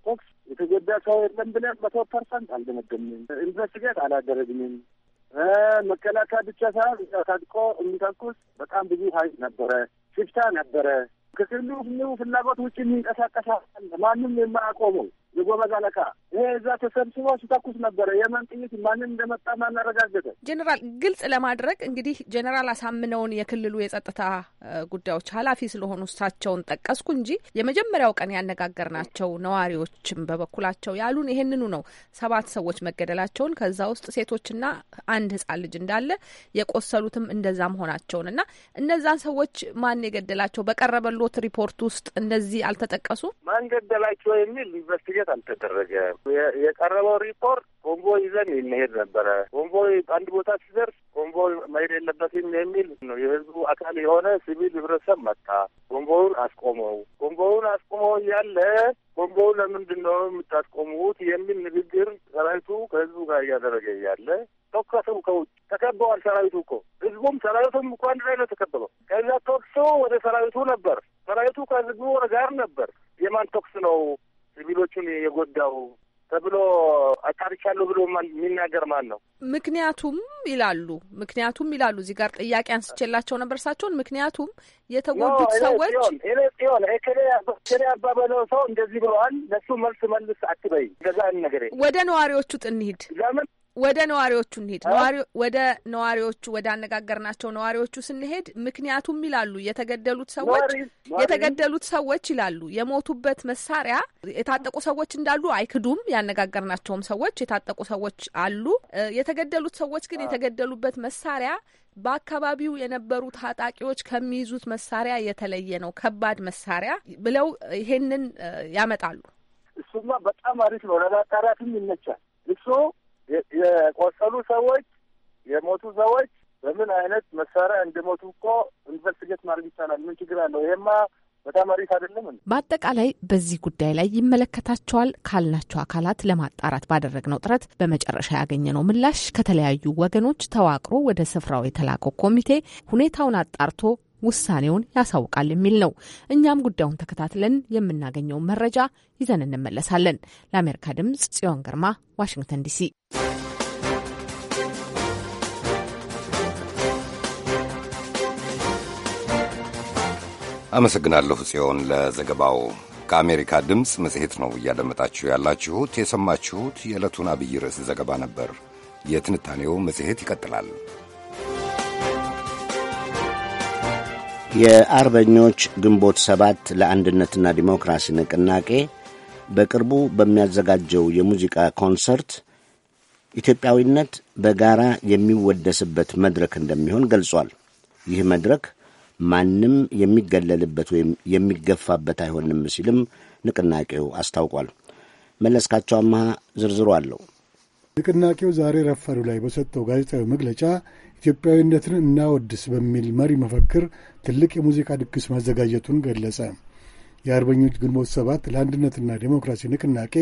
ቶክስ የተጎዳ ሰው የለም ብለን መቶ ፐርሰንት አልደመደምንም። ኢንቨስቲጌት አላደረግንም። መከላከያ ብቻ ሳይሆን ታጥቆ የሚተኩስ በጣም ብዙ ሀይል ነበረ፣ ሽፍታ ነበረ። ከክልሉ ፍላጎት ውጭ የሚንቀሳቀስ ማንም የማያቆመው የጎበዝ አለቃ ይሄ እዛ ተሰብስቦ ሲተኩስ ነበረ። የማን ጥይት ማንን እንደመጣ ማን አረጋገጠ? ጀኔራል ግልጽ ለማድረግ እንግዲህ ጀኔራል አሳምነውን የክልሉ የጸጥታ ጉዳዮች ኃላፊ ስለሆኑ እሳቸውን ጠቀስኩ እንጂ የመጀመሪያው ቀን ያነጋገርናቸው ነዋሪዎችም በበኩላቸው ያሉን ይሄንኑ ነው። ሰባት ሰዎች መገደላቸውን ከዛ ውስጥ ሴቶችና አንድ ህጻን ልጅ እንዳለ የቆሰሉትም እንደዛ መሆናቸውን እና እነዛን ሰዎች ማን የገደላቸው በቀረበሎት ሪፖርት ውስጥ እነዚህ አልተጠቀሱ ማን ገደላቸው የሚል ኢንቨስቲጌ ውይይት አልተደረገም። የቀረበው ሪፖርት ኮንቮይ ይዘን የሚሄድ ነበረ። ኮንቮይ አንድ ቦታ ሲደርስ ኮንቮይ መሄድ የለበትም የሚል ነው የህዝቡ አካል የሆነ ሲቪል ህብረተሰብ መጣ። ኮንቮውን አስቆመው። ኮንቮውን አስቆመው እያለ ኮንቮው ለምንድን ነው የምታስቆሙት የሚል ንግግር ሰራዊቱ ከህዝቡ ጋር እያደረገ እያለ ተኩሰው ከውጭ ተከበዋል። ሰራዊቱ እኮ ህዝቡም ሰራዊቱም እኮ አንድ ላይ ነው ተከበበው። ከዛ ተኩሶ ወደ ሰራዊቱ ነበር። ሰራዊቱ ከህዝቡ ጋር ነበር። የማን ተኩስ ነው? ሲቪሎቹን የጎዳው ተብሎ አጣርቻለሁ ብሎ የሚናገር ማን ነው? ምክንያቱም ይላሉ ምክንያቱም ይላሉ እዚህ ጋር ጥያቄ አንስቼላቸው ነበር እሳቸውን። ምክንያቱም የተጎዱት ሰዎች ሆን ክሌ አባበለው ሰው እንደዚህ ብለዋል፣ ለሱ መልስ መልስ አትበይ ገዛ ነገር ወደ ነዋሪዎቹ ጥንሂድ ለምን ወደ ነዋሪዎቹ እንሄድ። ወደ ነዋሪዎቹ ወደ አነጋገርናቸው ነዋሪዎቹ ስንሄድ ምክንያቱም ይላሉ የተገደሉት ሰዎች የተገደሉት ሰዎች ይላሉ የሞቱበት መሳሪያ የታጠቁ ሰዎች እንዳሉ አይክዱም። ያነጋገርናቸውም ሰዎች የታጠቁ ሰዎች አሉ። የተገደሉት ሰዎች ግን የተገደሉበት መሳሪያ በአካባቢው የነበሩ ታጣቂዎች ከሚይዙት መሳሪያ የተለየ ነው፣ ከባድ መሳሪያ ብለው ይሄንን ያመጣሉ። እሱማ በጣም አሪፍ ነው፣ ለማጣራትም ይመቻል። እሱ የቆሰሉ ሰዎች የሞቱ ሰዎች በምን አይነት መሳሪያ እንደሞቱ እኮ ኢንቨስቲጌት ማድረግ ይቻላል። ምን ችግር አለው? ይሄማ በጣም አሪፍ አይደለም። በአጠቃላይ በዚህ ጉዳይ ላይ ይመለከታቸዋል ካልናቸው አካላት ለማጣራት ባደረግነው ጥረት በመጨረሻ ያገኘነው ምላሽ ከተለያዩ ወገኖች ተዋቅሮ ወደ ስፍራው የተላከው ኮሚቴ ሁኔታውን አጣርቶ ውሳኔውን ያሳውቃል የሚል ነው። እኛም ጉዳዩን ተከታትለን የምናገኘውን መረጃ ይዘን እንመለሳለን። ለአሜሪካ ድምጽ ጽዮን ግርማ፣ ዋሽንግተን ዲሲ። አመሰግናለሁ ጽዮን ለዘገባው። ከአሜሪካ ድምፅ መጽሔት ነው እያደመጣችሁ ያላችሁት። የሰማችሁት የዕለቱን አብይ ርዕስ ዘገባ ነበር። የትንታኔው መጽሔት ይቀጥላል። የአርበኞች ግንቦት ሰባት ለአንድነትና ዲሞክራሲ ንቅናቄ በቅርቡ በሚያዘጋጀው የሙዚቃ ኮንሰርት ኢትዮጵያዊነት በጋራ የሚወደስበት መድረክ እንደሚሆን ገልጿል። ይህ መድረክ ማንም የሚገለልበት ወይም የሚገፋበት አይሆንም ሲልም ንቅናቄው አስታውቋል። መለስካቸው አመሃ ዝርዝሩ አለው። ንቅናቄው ዛሬ ረፋዱ ላይ በሰጠው ጋዜጣዊ መግለጫ ኢትዮጵያዊነትን እናወድስ በሚል መሪ መፈክር ትልቅ የሙዚቃ ድግስ ማዘጋጀቱን ገለጸ። የአርበኞች ግንቦት ሰባት ለአንድነትና ዴሞክራሲ ንቅናቄ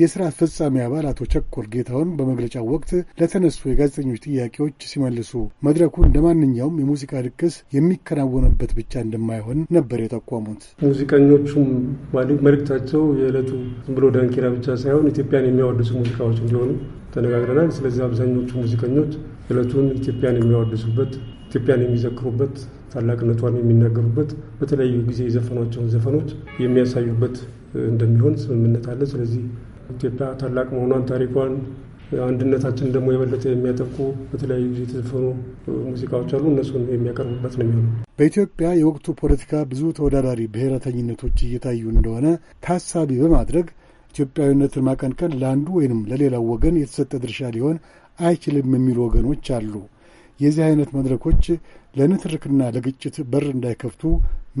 የሥራ አስፈጻሚ አባል አቶ ቸኮል ጌታውን በመግለጫው ወቅት ለተነሱ የጋዜጠኞች ጥያቄዎች ሲመልሱ መድረኩ እንደ ማንኛውም የሙዚቃ ድግስ የሚከናወንበት ብቻ እንደማይሆን ነበር የጠቆሙት። ሙዚቀኞቹም መልእክታቸው የዕለቱ ዝም ብሎ ዳንኪራ ብቻ ሳይሆን ኢትዮጵያን የሚያወድሱ ሙዚቃዎች እንዲሆኑ ተነጋግረናል። ስለዚህ አብዛኞቹ ሙዚቀኞች ዕለቱን ኢትዮጵያን የሚያወድሱበት፣ ኢትዮጵያን የሚዘክሩበት፣ ታላቅነቷን የሚናገሩበት፣ በተለያዩ ጊዜ የዘፈኗቸውን ዘፈኖች የሚያሳዩበት እንደሚሆን ስምምነት አለ። ስለዚህ ኢትዮጵያ ታላቅ መሆኗን፣ ታሪኳን፣ አንድነታችንን ደግሞ የበለጠ የሚያጠብቁ በተለያዩ ጊዜ የተዘፈኑ ሙዚቃዎች አሉ። እነሱን የሚያቀርቡበት ነው የሚሆነው። በኢትዮጵያ የወቅቱ ፖለቲካ ብዙ ተወዳዳሪ ብሔረተኝነቶች እየታዩ እንደሆነ ታሳቢ በማድረግ ኢትዮጵያዊነትን ማቀንቀን ለአንዱ ወይንም ለሌላው ወገን የተሰጠ ድርሻ ሊሆን አይችልም የሚሉ ወገኖች አሉ። የዚህ አይነት መድረኮች ለንትርክና ለግጭት በር እንዳይከፍቱ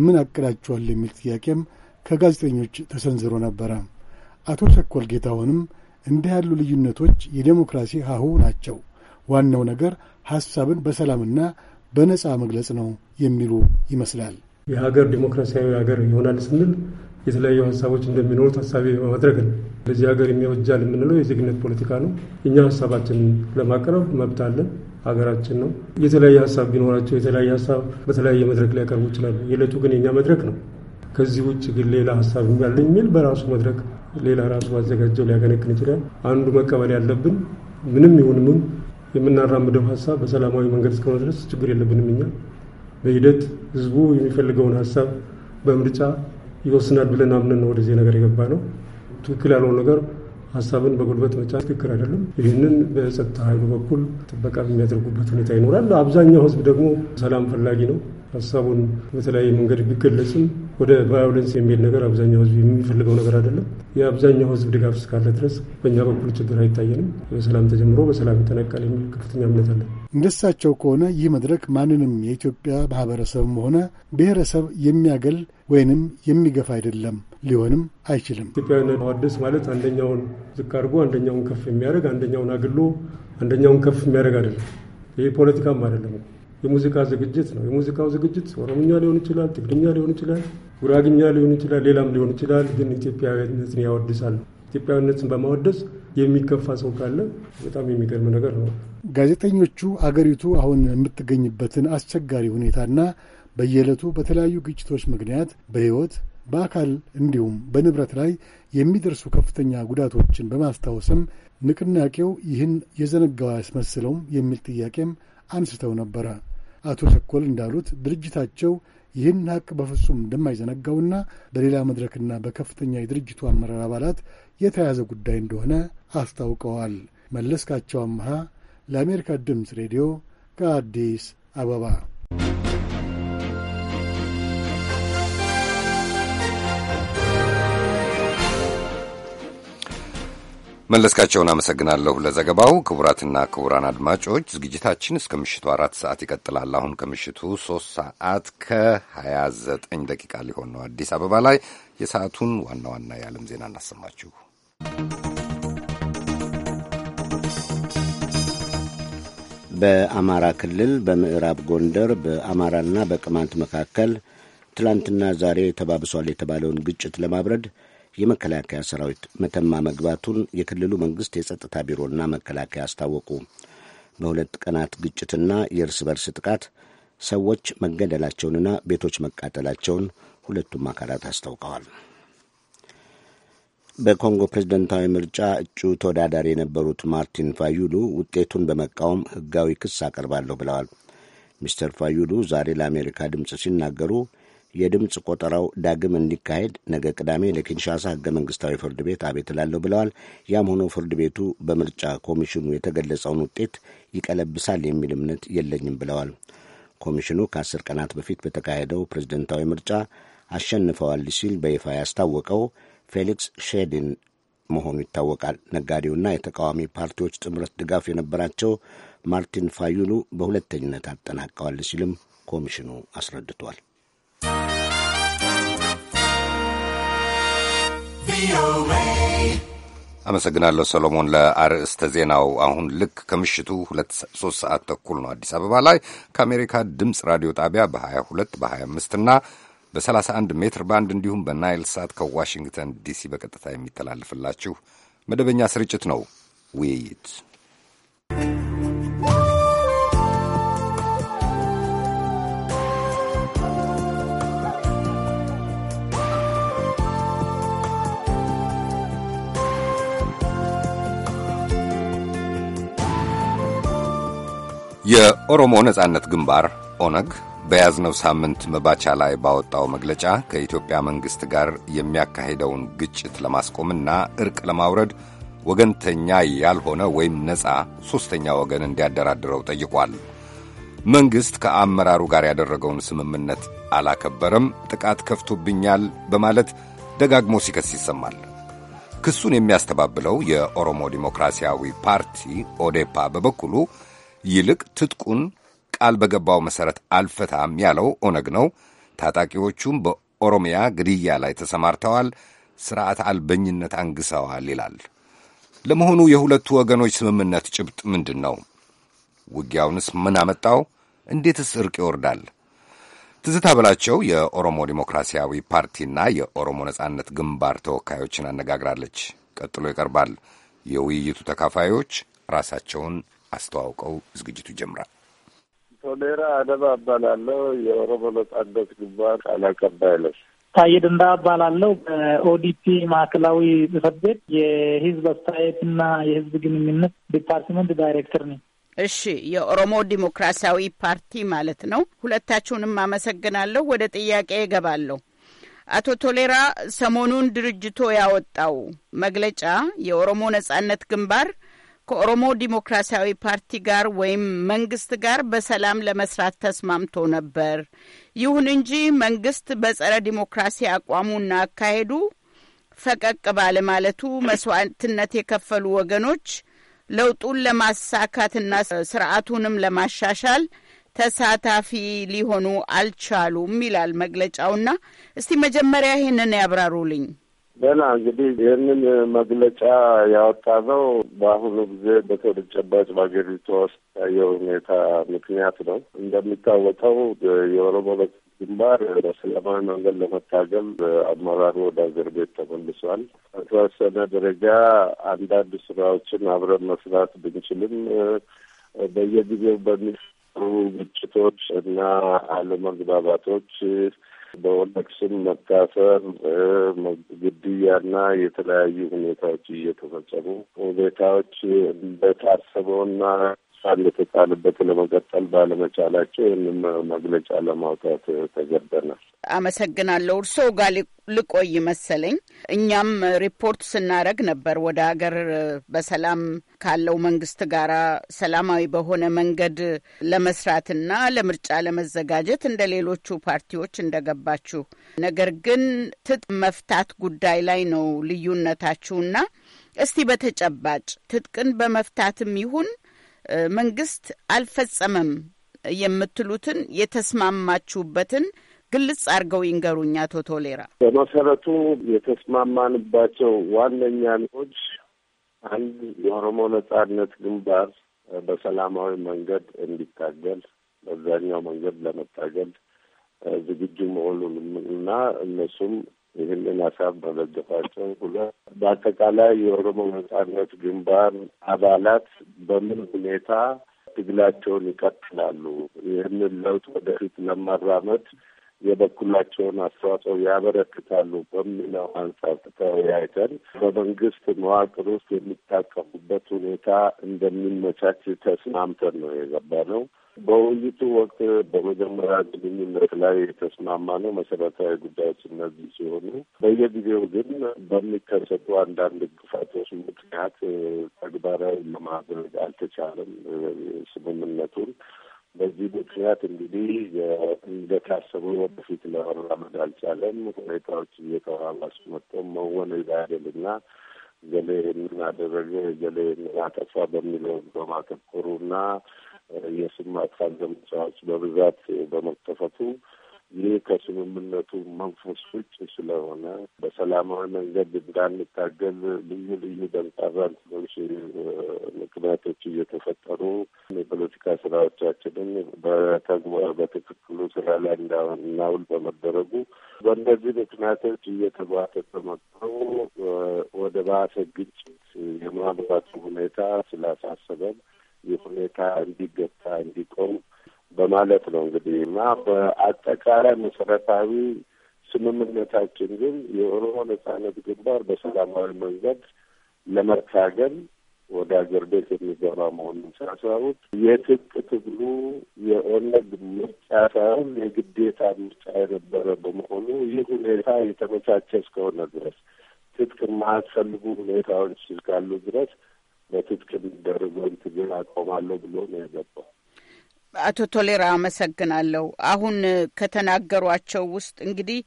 ምን አቅዳቸዋል የሚል ጥያቄም ከጋዜጠኞች ተሰንዝሮ ነበረ። አቶ ተኮል ጌታሁንም እንዲህ ያሉ ልዩነቶች የዴሞክራሲ ሀሁ ናቸው፣ ዋናው ነገር ሐሳብን በሰላምና በነፃ መግለጽ ነው የሚሉ ይመስላል። የሀገር ዴሞክራሲያዊ ሀገር ይሆናል ስንል የተለያዩ ሀሳቦች እንደሚኖሩ ታሳቢ በማድረግ ነው። ለዚህ ሀገር የሚያወጃል የምንለው የዜግነት ፖለቲካ ነው። እኛ ሀሳባችን ለማቅረብ መብት አለን። ሀገራችን ነው። የተለያየ ሀሳብ ቢኖራቸው የተለያየ ሀሳብ በተለያየ መድረክ ላይ ያቀርቡ ይችላሉ። የዕለቱ ግን የኛ መድረክ ነው። ከዚህ ውጭ ግን ሌላ ሀሳብ ያለኝ የሚል በራሱ መድረክ ሌላ ራሱ አዘጋጀው ሊያገለግል ይችላል። አንዱ መቀበል ያለብን ምንም ይሁን ምን የምናራምደው ሀሳብ በሰላማዊ መንገድ እስከሆነ ድረስ ችግር የለብንም። እኛ በሂደት ህዝቡ የሚፈልገውን ሀሳብ በምርጫ ይወስናል ብለን አምነን ነው ወደዚህ ነገር የገባ ነው። ትክክል ያለው ነገር ሀሳብን በጉልበት መጫ ትክክል አይደለም። ይህንን በጸጥታ ኃይሉ በኩል ጥበቃ የሚያደርጉበት ሁኔታ ይኖራል። አብዛኛው ህዝብ ደግሞ ሰላም ፈላጊ ነው። ሀሳቡን በተለያየ መንገድ ቢገለጽም ወደ ቫዮለንስ የሚሄድ ነገር አብዛኛው ህዝብ የሚፈልገው ነገር አይደለም። የአብዛኛው ህዝብ ድጋፍ እስካለ ድረስ በእኛ በኩል ችግር አይታየንም። በሰላም ተጀምሮ በሰላም ይጠናቃል የሚል ከፍተኛ እምነት አለን። እንደሳቸው ከሆነ ይህ መድረክ ማንንም የኢትዮጵያ ማህበረሰብም ሆነ ብሔረሰብ የሚያገል ወይንም የሚገፋ አይደለም፣ ሊሆንም አይችልም። ኢትዮጵያውያን ማዋደስ ማለት አንደኛውን ዝቅ አድርጎ አንደኛውን ከፍ የሚያደርግ አንደኛውን አግሎ አንደኛውን ከፍ የሚያደርግ አይደለም። ይህ ፖለቲካም አይደለም። የሙዚቃ ዝግጅት ነው። የሙዚቃው ዝግጅት ኦሮምኛ ሊሆን ይችላል፣ ትግርኛ ሊሆን ይችላል፣ ጉራግኛ ሊሆን ይችላል፣ ሌላም ሊሆን ይችላል። ግን ኢትዮጵያዊነትን ያወድሳል። ኢትዮጵያዊነትን በማወደስ የሚከፋ ሰው ካለ በጣም የሚገርም ነገር ነው። ጋዜጠኞቹ አገሪቱ አሁን የምትገኝበትን አስቸጋሪ ሁኔታና በየዕለቱ በተለያዩ ግጭቶች ምክንያት በሕይወት በአካል እንዲሁም በንብረት ላይ የሚደርሱ ከፍተኛ ጉዳቶችን በማስታወስም ንቅናቄው ይህን የዘነጋው አያስመስለውም የሚል ጥያቄም አንስተው ነበረ። አቶ ቸኮል እንዳሉት ድርጅታቸው ይህን ሀቅ በፍጹም እንደማይዘነጋውና በሌላ መድረክና በከፍተኛ የድርጅቱ አመራር አባላት የተያዘ ጉዳይ እንደሆነ አስታውቀዋል። መለስካቸው አምሃ ለአሜሪካ ድምፅ ሬዲዮ ከአዲስ አበባ መለስካቸውን አመሰግናለሁ ለዘገባው። ክቡራትና ክቡራን አድማጮች ዝግጅታችን እስከ ምሽቱ አራት ሰዓት ይቀጥላል። አሁን ከምሽቱ ሶስት ሰዓት ከ29 ደቂቃ ሊሆን ነው። አዲስ አበባ ላይ የሰዓቱን ዋና ዋና የዓለም ዜና እናሰማችሁ። በአማራ ክልል በምዕራብ ጎንደር በአማራና በቅማንት መካከል ትላንትና ዛሬ ተባብሷል የተባለውን ግጭት ለማብረድ የመከላከያ ሰራዊት መተማ መግባቱን የክልሉ መንግሥት የጸጥታ ቢሮና መከላከያ አስታወቁ። በሁለት ቀናት ግጭትና የእርስ በርስ ጥቃት ሰዎች መገደላቸውንና ቤቶች መቃጠላቸውን ሁለቱም አካላት አስታውቀዋል። በኮንጎ ፕሬዝደንታዊ ምርጫ እጩ ተወዳዳሪ የነበሩት ማርቲን ፋዩሉ ውጤቱን በመቃወም ሕጋዊ ክስ አቀርባለሁ ብለዋል። ሚስተር ፋዩሉ ዛሬ ለአሜሪካ ድምፅ ሲናገሩ የድምፅ ቆጠራው ዳግም እንዲካሄድ ነገ ቅዳሜ ለኪንሻሳ ህገ መንግስታዊ ፍርድ ቤት አቤት እላለሁ ብለዋል። ያም ሆኖ ፍርድ ቤቱ በምርጫ ኮሚሽኑ የተገለጸውን ውጤት ይቀለብሳል የሚል እምነት የለኝም ብለዋል። ኮሚሽኑ ከአስር ቀናት በፊት በተካሄደው ፕሬዝደንታዊ ምርጫ አሸንፈዋል ሲል በይፋ ያስታወቀው ፌሊክስ ሼዲን መሆኑ ይታወቃል። ነጋዴውና የተቃዋሚ ፓርቲዎች ጥምረት ድጋፍ የነበራቸው ማርቲን ፋዩሉ በሁለተኝነት አጠናቀዋል ሲልም ኮሚሽኑ አስረድቷል። አመሰግናለሁ ሰሎሞን ለአርዕስተ ዜናው። አሁን ልክ ከምሽቱ ሁለት ሶስት ሰዓት ተኩል ነው አዲስ አበባ ላይ ከአሜሪካ ድምፅ ራዲዮ ጣቢያ በ22 በ25 እና በ31 ሜትር ባንድ እንዲሁም በናይል ሳት ከዋሽንግተን ዲሲ በቀጥታ የሚተላልፍላችሁ መደበኛ ስርጭት ነው። ውይይት የኦሮሞ ነጻነት ግንባር ኦነግ በያዝነው ሳምንት መባቻ ላይ ባወጣው መግለጫ ከኢትዮጵያ መንግሥት ጋር የሚያካሂደውን ግጭት ለማስቆምና እርቅ ለማውረድ ወገንተኛ ያልሆነ ወይም ነፃ ሦስተኛ ወገን እንዲያደራድረው ጠይቋል። መንግሥት ከአመራሩ ጋር ያደረገውን ስምምነት አላከበረም፣ ጥቃት ከፍቶብኛል በማለት ደጋግሞ ሲከስ ይሰማል። ክሱን የሚያስተባብለው የኦሮሞ ዲሞክራሲያዊ ፓርቲ ኦዴፓ በበኩሉ ይልቅ ትጥቁን ቃል በገባው መሠረት አልፈታም ያለው ኦነግ ነው። ታጣቂዎቹም በኦሮሚያ ግድያ ላይ ተሰማርተዋል፣ ስርዓት አልበኝነት አንግሰዋል ይላል። ለመሆኑ የሁለቱ ወገኖች ስምምነት ጭብጥ ምንድን ነው? ውጊያውንስ ምን አመጣው? እንዴትስ እርቅ ይወርዳል? ትዝታ በላቸው የኦሮሞ ዴሞክራሲያዊ ፓርቲና የኦሮሞ ነጻነት ግንባር ተወካዮችን አነጋግራለች። ቀጥሎ ይቀርባል። የውይይቱ ተካፋዮች ራሳቸውን አስተዋውቀው ዝግጅቱ ይጀምራል። ቶሌራ አደባ እባላለሁ። የኦሮሞ ነጻነት ግንባር ቃል አቀባይ ነኝ። እባላለሁ። በኦዲፒ ማዕከላዊ ጽፈት ቤት የህዝብ አስተያየትና የህዝብ ግንኙነት ዲፓርትመንት ዳይሬክተር ነኝ። እሺ፣ የኦሮሞ ዲሞክራሲያዊ ፓርቲ ማለት ነው። ሁለታችሁንም አመሰግናለሁ። ወደ ጥያቄ እገባለሁ። አቶ ቶሌራ፣ ሰሞኑን ድርጅቶ ያወጣው መግለጫ የኦሮሞ ነጻነት ግንባር ከኦሮሞ ዲሞክራሲያዊ ፓርቲ ጋር ወይም መንግስት ጋር በሰላም ለመስራት ተስማምቶ ነበር። ይሁን እንጂ መንግስት በጸረ ዲሞክራሲ አቋሙና አካሄዱ ፈቀቅ ባለ ማለቱ መስዋዕትነት የከፈሉ ወገኖች ለውጡን ለማሳካትና ስርዓቱንም ለማሻሻል ተሳታፊ ሊሆኑ አልቻሉም ይላል መግለጫውና። እስቲ መጀመሪያ ይህንን ያብራሩልኝ። ገና እንግዲህ ይህንን መግለጫ ያወጣ ነው በአሁኑ ጊዜ በተጨባጭ በሀገሪቱ ውስጥ ያየው ሁኔታ ምክንያት ነው። እንደሚታወቀው የኦሮሞ ግንባር በሰላማዊ መንገድ ለመታገል አመራሩ ወደ አገር ቤት ተመልሷል። በተወሰነ ደረጃ አንዳንድ ስራዎችን አብረን መስራት ብንችልም በየጊዜው በሚፈሩ ግጭቶች እና አለመግባባቶች በወንጀል መታሰር፣ ግድያና የተለያዩ ሁኔታዎች እየተፈጸሙ ሁኔታዎች እንደታሰበውና ሳል የተጣለበት ለመቀጠል ባለመቻላቸው ይህንን መግለጫ ለማውጣት ተገደናል። አመሰግናለሁ። እርስዎ ጋር ልቆይ መሰለኝ። እኛም ሪፖርት ስናረግ ነበር ወደ ሀገር በሰላም ካለው መንግስት ጋር ሰላማዊ በሆነ መንገድ ለመስራትና ለምርጫ ለመዘጋጀት እንደ ሌሎቹ ፓርቲዎች እንደገባችሁ። ነገር ግን ትጥቅ መፍታት ጉዳይ ላይ ነው ልዩነታችሁና እስቲ በተጨባጭ ትጥቅን በመፍታትም ይሁን መንግስት አልፈጸመም የምትሉትን የተስማማችሁበትን ግልጽ አድርገው ይንገሩኝ አቶ ቶሌራ። በመሰረቱ የተስማማንባቸው ዋነኛ ነጥቦች አንድ የኦሮሞ ነጻነት ግንባር በሰላማዊ መንገድ እንዲታገል በዛኛው መንገድ ለመታገል ዝግጁ መሆኑን እና እነሱም ይህንን ሀሳብ በመደፋቸው ሁለት በአጠቃላይ የኦሮሞ ነጻነት ግንባር አባላት በምን ሁኔታ ትግላቸውን ይቀጥላሉ፣ ይህንን ለውጥ ወደፊት ለማራመድ የበኩላቸውን አስተዋጽኦ ያበረክታሉ በሚለው አንጻር ተወያይተን በመንግስት መዋቅር ውስጥ የሚታቀፉበት ሁኔታ እንደሚመቻች ተስማምተን ነው የገባ ነው። በውይይቱ ወቅት በመጀመሪያ ግንኙነት ላይ የተስማማ ነው መሰረታዊ ጉዳዮች እነዚህ ሲሆኑ፣ በየጊዜው ግን በሚከሰቱ አንዳንድ ግፋቶች ምክንያት ተግባራዊ ለማድረግ አልተቻለም ስምምነቱን። በዚህ ምክንያት እንግዲህ እንደታሰበው ወደፊት ለመራመድ አልቻለም። ሁኔታዎች እየተባባሱ መጥተው መወነጃጀልና ገሌ ይህንን አደረገ ገሌ ይህንን አጠፋ በሚለው በማተኮሩና የስም ማጥፋት ዘመቻዎች በብዛት በመከፈቱ ይህ ከስምምነቱ መንፈስ ውጭ ስለሆነ በሰላማዊ መንገድ እንዳንታገል ልዩ ልዩ ደንጣራ ምክንያቶች እየተፈጠሩ የፖለቲካ ስራዎቻችንን በተግባር በትክክሉ ስራ ላይ እንዳናውል በመደረጉ በእነዚህ ምክንያቶች እየተጓተተ መጥተው ወደ ባሰ ግጭት የማምራቱ ሁኔታ ስላሳሰበን ይህ ሁኔታ እንዲገታ እንዲቆም በማለት ነው እንግዲህ እና በአጠቃላይ መሰረታዊ ስምምነታችን ግን የኦሮሞ ነጻነት ግንባር በሰላማዊ መንገድ ለመታገል ወደ ሀገር ቤት የሚገባ መሆኑን ሳሳቡት የትጥቅ ትግሉ የኦነግ ምርጫ ሳይሆን የግዴታ ምርጫ የነበረ በመሆኑ ይህ ሁኔታ የተመቻቸ እስከሆነ ድረስ ትጥቅ የማያስፈልጉ ሁኔታዎች እስካሉ ድረስ በትጥቅ የሚደረገውን ትግል አቆማለሁ ብሎ ነው የገባው። አቶ ቶሌራ አመሰግናለሁ። አሁን ከተናገሯቸው ውስጥ እንግዲህ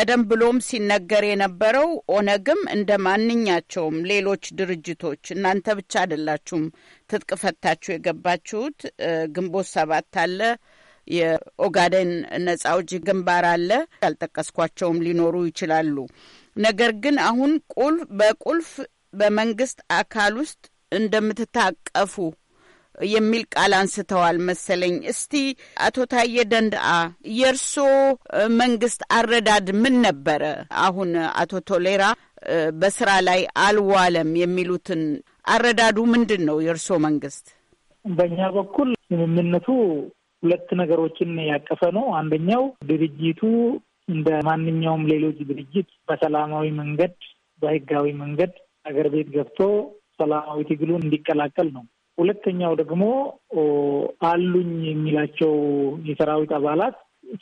ቀደም ብሎም ሲነገር የነበረው ኦነግም እንደ ማንኛቸውም ሌሎች ድርጅቶች እናንተ ብቻ አይደላችሁም ትጥቅ ፈታችሁ የገባችሁት። ግንቦት ሰባት አለ፣ የኦጋዴን ነጻ አውጪ ግንባር አለ። ያልጠቀስኳቸውም ሊኖሩ ይችላሉ። ነገር ግን አሁን ቁልፍ በቁልፍ በመንግስት አካል ውስጥ እንደምትታቀፉ የሚል ቃል አንስተዋል መሰለኝ። እስቲ አቶ ታዬ ደንድአ የእርሶ መንግስት አረዳድ ምን ነበረ? አሁን አቶ ቶሌራ በስራ ላይ አልዋለም የሚሉትን አረዳዱ ምንድን ነው የእርሶ መንግስት? በእኛ በኩል ስምምነቱ ሁለት ነገሮችን ያቀፈ ነው። አንደኛው ድርጅቱ እንደ ማንኛውም ሌሎች ድርጅት በሰላማዊ መንገድ በህጋዊ መንገድ አገር ቤት ገብቶ ሰላማዊ ትግሉን እንዲቀላቀል ነው። ሁለተኛው ደግሞ አሉኝ የሚላቸው የሰራዊት አባላት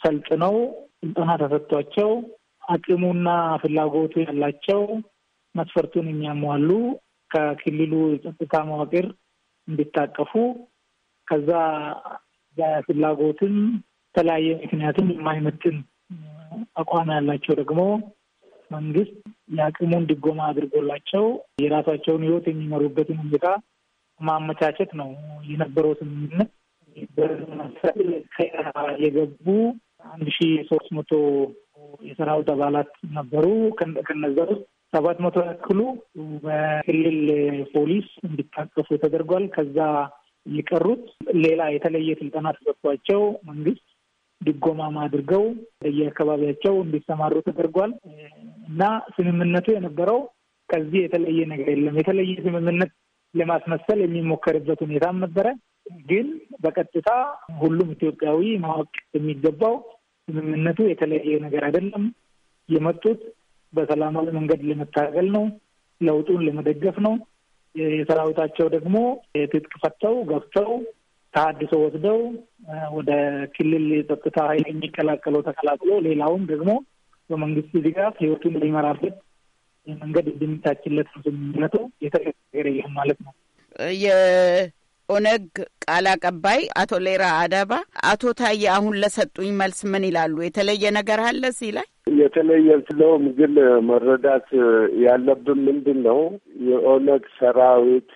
ሰልጥነው ስልጠና ተሰጥቷቸው አቅሙና ፍላጎቱ ያላቸው መስፈርቱን የሚያሟሉ ከክልሉ የጸጥታ መዋቅር እንዲታቀፉ ከዛ ፍላጎትም የተለያየ ምክንያትም የማይመጥን አቋም ያላቸው ደግሞ መንግስት የአቅሙን ድጎማ አድርጎላቸው የራሳቸውን ህይወት የሚመሩበትን ሁኔታ ማመቻቸት ነው የነበረው ስምምነት። የገቡ አንድ ሺ ሶስት መቶ የሰራዊት አባላት ነበሩ። ከነዛ ውስጥ ሰባት መቶ ያክሉ በክልል ፖሊስ እንዲታቀፉ ተደርጓል። ከዛ የቀሩት ሌላ የተለየ ስልጠና ተሰጥቷቸው መንግስት ድጎማም አድርገው በየአካባቢያቸው እንዲሰማሩ ተደርጓል እና ስምምነቱ የነበረው ከዚህ የተለየ ነገር የለም። የተለየ ስምምነት ለማስመሰል የሚሞከርበት ሁኔታም ነበረ። ግን በቀጥታ ሁሉም ኢትዮጵያዊ ማወቅ የሚገባው ስምምነቱ የተለያየ ነገር አይደለም። የመጡት በሰላማዊ መንገድ ለመታገል ነው፣ ለውጡን ለመደገፍ ነው። የሰራዊታቸው ደግሞ ትጥቅ ፈተው ገብተው ተሀድሶ ወስደው ወደ ክልል የጸጥታ ኃይል የሚቀላቀለው ተቀላቅሎ ሌላውም ደግሞ በመንግስት ድጋፍ ህይወቱን ሊመራበት የመንገድ እንድምታችለት ስምምነቱ የተገገረ ይህም ማለት ነው። የኦነግ ቃል አቀባይ አቶ ሌራ አዳባ አቶ ታዬ አሁን ለሰጡኝ መልስ ምን ይላሉ? የተለየ ነገር አለ እዚህ ላይ? የተለየ ስለውም ግን መረዳት ያለብን ምንድን ነው የኦነግ ሰራዊት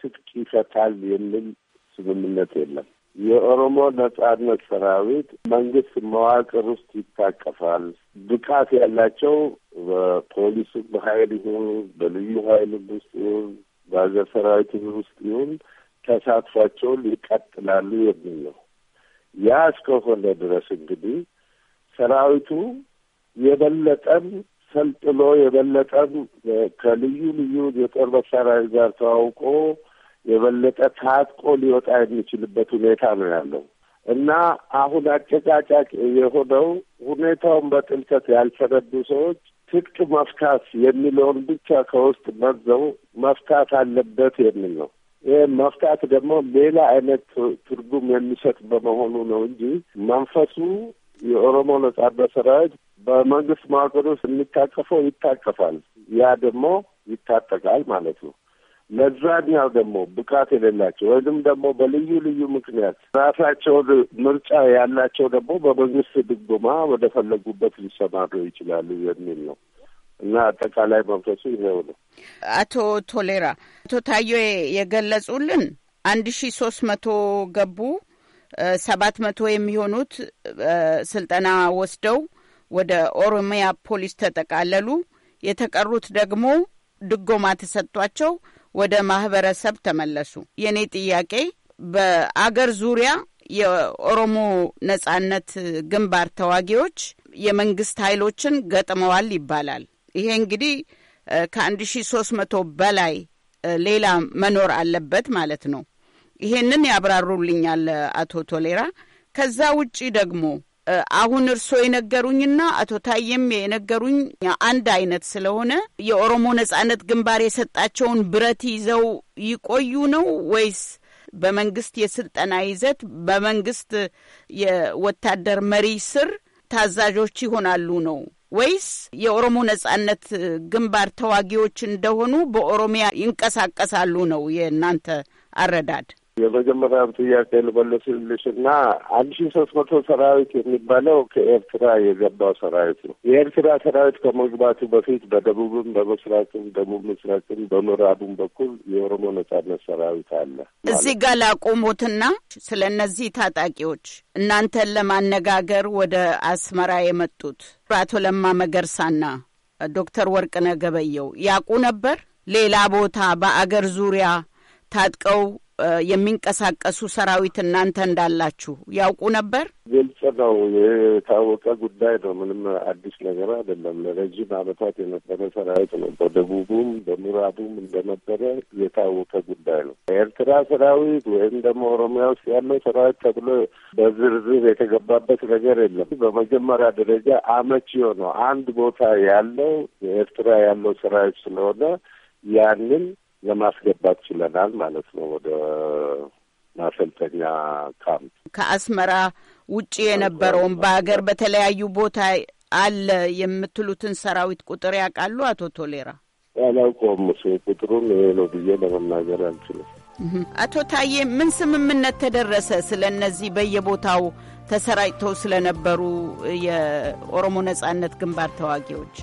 ትጥቅ ይፈታል የሚል ስምምነት የለም። የኦሮሞ ነጻነት ሰራዊት መንግስት መዋቅር ውስጥ ይታቀፋል። ብቃት ያላቸው በፖሊስ በሀይል ይሁን በልዩ ሀይል ውስጥ ይሁን በአገር ሰራዊት ውስጥ ይሁን ተሳትፏቸውን ይቀጥላሉ የሚል ነው። ያ እስከሆነ ድረስ እንግዲህ ሰራዊቱ የበለጠም ሰልጥሎ የበለጠም ከልዩ ልዩ የጦር መሳሪያ ጋር ተዋውቆ የበለጠ ታጥቆ ሊወጣ የሚችልበት ሁኔታ ነው ያለው እና አሁን አጨቃጫቂ የሆነው ሁኔታውን በጥልቀት ያልተረዱ ሰዎች ትጥቅ መፍታት የሚለውን ብቻ ከውስጥ መዘው መፍታት አለበት የሚል ነው። ይህ መፍታት ደግሞ ሌላ አይነት ትርጉም የሚሰጥ በመሆኑ ነው እንጂ መንፈሱ የኦሮሞ ነጻነት ሰራዊት በመንግስት መዋቅር ውስጥ የሚታቀፈው ይታቀፋል፣ ያ ደግሞ ይታጠቃል ማለት ነው። ለዛኛው ደግሞ ብቃት የሌላቸው ወይም ደግሞ በልዩ ልዩ ምክንያት ራሳቸው ምርጫ ያላቸው ደግሞ በመንግስት ድጎማ ወደ ፈለጉበት ሊሰማሩ ይችላሉ የሚል ነው እና አጠቃላይ መብቶቹ ይሄው ነው። አቶ ቶሌራ አቶ ታዮ የገለጹልን አንድ ሺ ሶስት መቶ ገቡ ሰባት መቶ የሚሆኑት ስልጠና ወስደው ወደ ኦሮሚያ ፖሊስ ተጠቃለሉ። የተቀሩት ደግሞ ድጎማ ተሰጥቷቸው ወደ ማህበረሰብ ተመለሱ። የእኔ ጥያቄ በአገር ዙሪያ የኦሮሞ ነጻነት ግንባር ተዋጊዎች የመንግስት ኃይሎችን ገጥመዋል ይባላል። ይሄ እንግዲህ ከአንድ ሺ ሶስት መቶ በላይ ሌላ መኖር አለበት ማለት ነው። ይሄንን ያብራሩልኛል አቶ ቶሌራ። ከዛ ውጪ ደግሞ አሁን እርስዎ የነገሩኝና አቶ ታዬም የነገሩኝ አንድ አይነት ስለሆነ የኦሮሞ ነጻነት ግንባር የሰጣቸውን ብረት ይዘው ይቆዩ ነው ወይስ በመንግስት የስልጠና ይዘት በመንግስት የወታደር መሪ ስር ታዛዦች ይሆናሉ ነው ወይስ የኦሮሞ ነጻነት ግንባር ተዋጊዎች እንደሆኑ በኦሮሚያ ይንቀሳቀሳሉ ነው የእናንተ አረዳድ? የመጀመሪያ ጥያቄ ልመልስልሽና አንድ ሺ ሶስት መቶ ሰራዊት የሚባለው ከኤርትራ የገባው ሰራዊት ነው። የኤርትራ ሰራዊት ከመግባቱ በፊት በደቡብም፣ በምስራቅም፣ ደቡብ ምስራቅም፣ በምዕራቡም በኩል የኦሮሞ ነጻነት ሰራዊት አለ። እዚህ ጋር ላቆሙትና ስለ እነዚህ ታጣቂዎች እናንተን ለማነጋገር ወደ አስመራ የመጡት አቶ ለማ መገርሳና ዶክተር ወርቅነህ ገበየው ያውቁ ነበር ሌላ ቦታ በአገር ዙሪያ ታጥቀው የሚንቀሳቀሱ ሰራዊት እናንተ እንዳላችሁ ያውቁ ነበር? ግልጽ ነው፣ የታወቀ ጉዳይ ነው። ምንም አዲስ ነገር አይደለም። ለረዥም ዓመታት የነበረ ሰራዊት ነው። በደቡቡም በምዕራቡም እንደነበረ የታወቀ ጉዳይ ነው። ኤርትራ ሰራዊት ወይም ደግሞ ኦሮሚያ ውስጥ ያለው ሰራዊት ተብሎ በዝርዝር የተገባበት ነገር የለም። በመጀመሪያ ደረጃ አመቺ የሆነው አንድ ቦታ ያለው የኤርትራ ያለው ሰራዊት ስለሆነ ያንን ለማስገባት ችለናል ማለት ነው ወደ ማሰልጠኛ ካምፕ። ከአስመራ ውጭ የነበረውን በሀገር በተለያዩ ቦታ አለ የምትሉትን ሰራዊት ቁጥር ያውቃሉ አቶ ቶሌራ? አላውቀውም። እሱ ቁጥሩን ይሄ ነው ብዬ ለመናገር አልችልም። አቶ ታዬ ምን ስምምነት ተደረሰ ስለ እነዚህ በየቦታው ተሰራጭተው ስለነበሩ የኦሮሞ ነጻነት ግንባር ተዋጊዎች?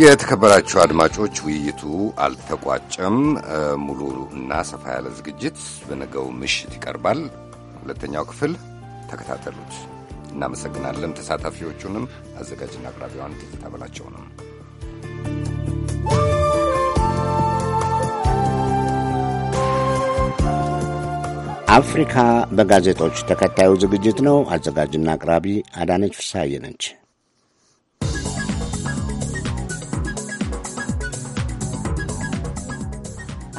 የተከበራችሁ አድማጮች ውይይቱ አልተቋጨም። ሙሉ እና ሰፋ ያለ ዝግጅት በነገው ምሽት ይቀርባል። ሁለተኛው ክፍል ተከታተሉት። እናመሰግናለን። ተሳታፊዎቹንም አዘጋጅና አቅራቢዋን ትዝታ በላቸውንም አፍሪካ በጋዜጦች ተከታዩ ዝግጅት ነው። አዘጋጅና አቅራቢ አዳነች ፍስሐዬ ነች።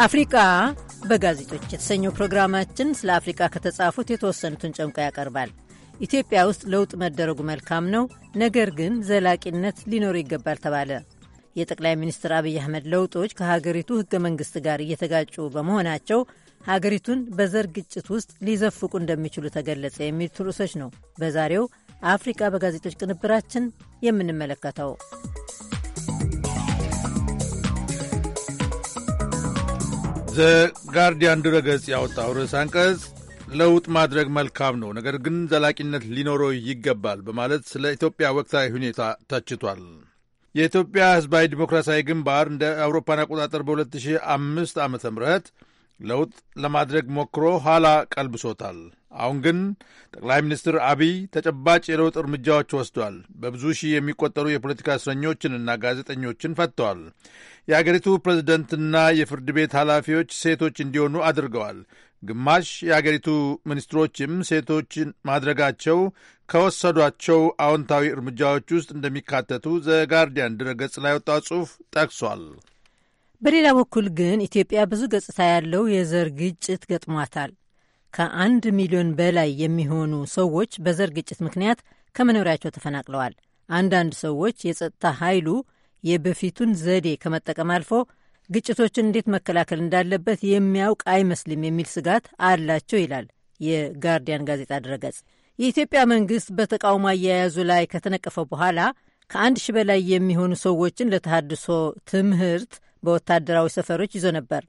አፍሪቃ በጋዜጦች የተሰኘው ፕሮግራማችን ስለ አፍሪቃ ከተጻፉት የተወሰኑትን ጨምቆ ያቀርባል። ኢትዮጵያ ውስጥ ለውጥ መደረጉ መልካም ነው፣ ነገር ግን ዘላቂነት ሊኖር ይገባል ተባለ። የጠቅላይ ሚኒስትር አብይ አህመድ ለውጦች ከሀገሪቱ ህገ መንግስት ጋር እየተጋጩ በመሆናቸው ሀገሪቱን በዘር ግጭት ውስጥ ሊዘፍቁ እንደሚችሉ ተገለጸ። የሚሉት ርዕሶች ነው በዛሬው አፍሪቃ በጋዜጦች ቅንብራችን የምንመለከተው። ዘ ጋርዲያን ድረገጽ ያወጣው ርዕስ አንቀጽ ለውጥ ማድረግ መልካም ነው፣ ነገር ግን ዘላቂነት ሊኖረው ይገባል በማለት ስለ ኢትዮጵያ ወቅታዊ ሁኔታ ተችቷል። የኢትዮጵያ ሕዝባዊ ዲሞክራሲያዊ ግንባር እንደ አውሮፓን አቆጣጠር በ2005 ዓ ም ለውጥ ለማድረግ ሞክሮ ኋላ ቀልብሶታል። አሁን ግን ጠቅላይ ሚኒስትር አብይ ተጨባጭ የለውጥ እርምጃዎች ወስዷል። በብዙ ሺህ የሚቆጠሩ የፖለቲካ እስረኞችንና ጋዜጠኞችን ፈትተዋል። የአገሪቱ ፕሬዝደንትና የፍርድ ቤት ኃላፊዎች ሴቶች እንዲሆኑ አድርገዋል። ግማሽ የአገሪቱ ሚኒስትሮችም ሴቶች ማድረጋቸው ከወሰዷቸው አዎንታዊ እርምጃዎች ውስጥ እንደሚካተቱ ዘጋርዲያን ድረገጽ ላይ ወጣ ጽሑፍ ጠቅሷል። በሌላ በኩል ግን ኢትዮጵያ ብዙ ገጽታ ያለው የዘር ግጭት ገጥሟታል። ከአንድ ሚሊዮን በላይ የሚሆኑ ሰዎች በዘር ግጭት ምክንያት ከመኖሪያቸው ተፈናቅለዋል። አንዳንድ ሰዎች የጸጥታ ኃይሉ የበፊቱን ዘዴ ከመጠቀም አልፎ ግጭቶችን እንዴት መከላከል እንዳለበት የሚያውቅ አይመስልም የሚል ስጋት አላቸው ይላል የጋርዲያን ጋዜጣ ድረገጽ። የኢትዮጵያ መንግስት በተቃውሞ አያያዙ ላይ ከተነቀፈ በኋላ ከአንድ ሺህ በላይ የሚሆኑ ሰዎችን ለተሃድሶ ትምህርት በወታደራዊ ሰፈሮች ይዞ ነበር።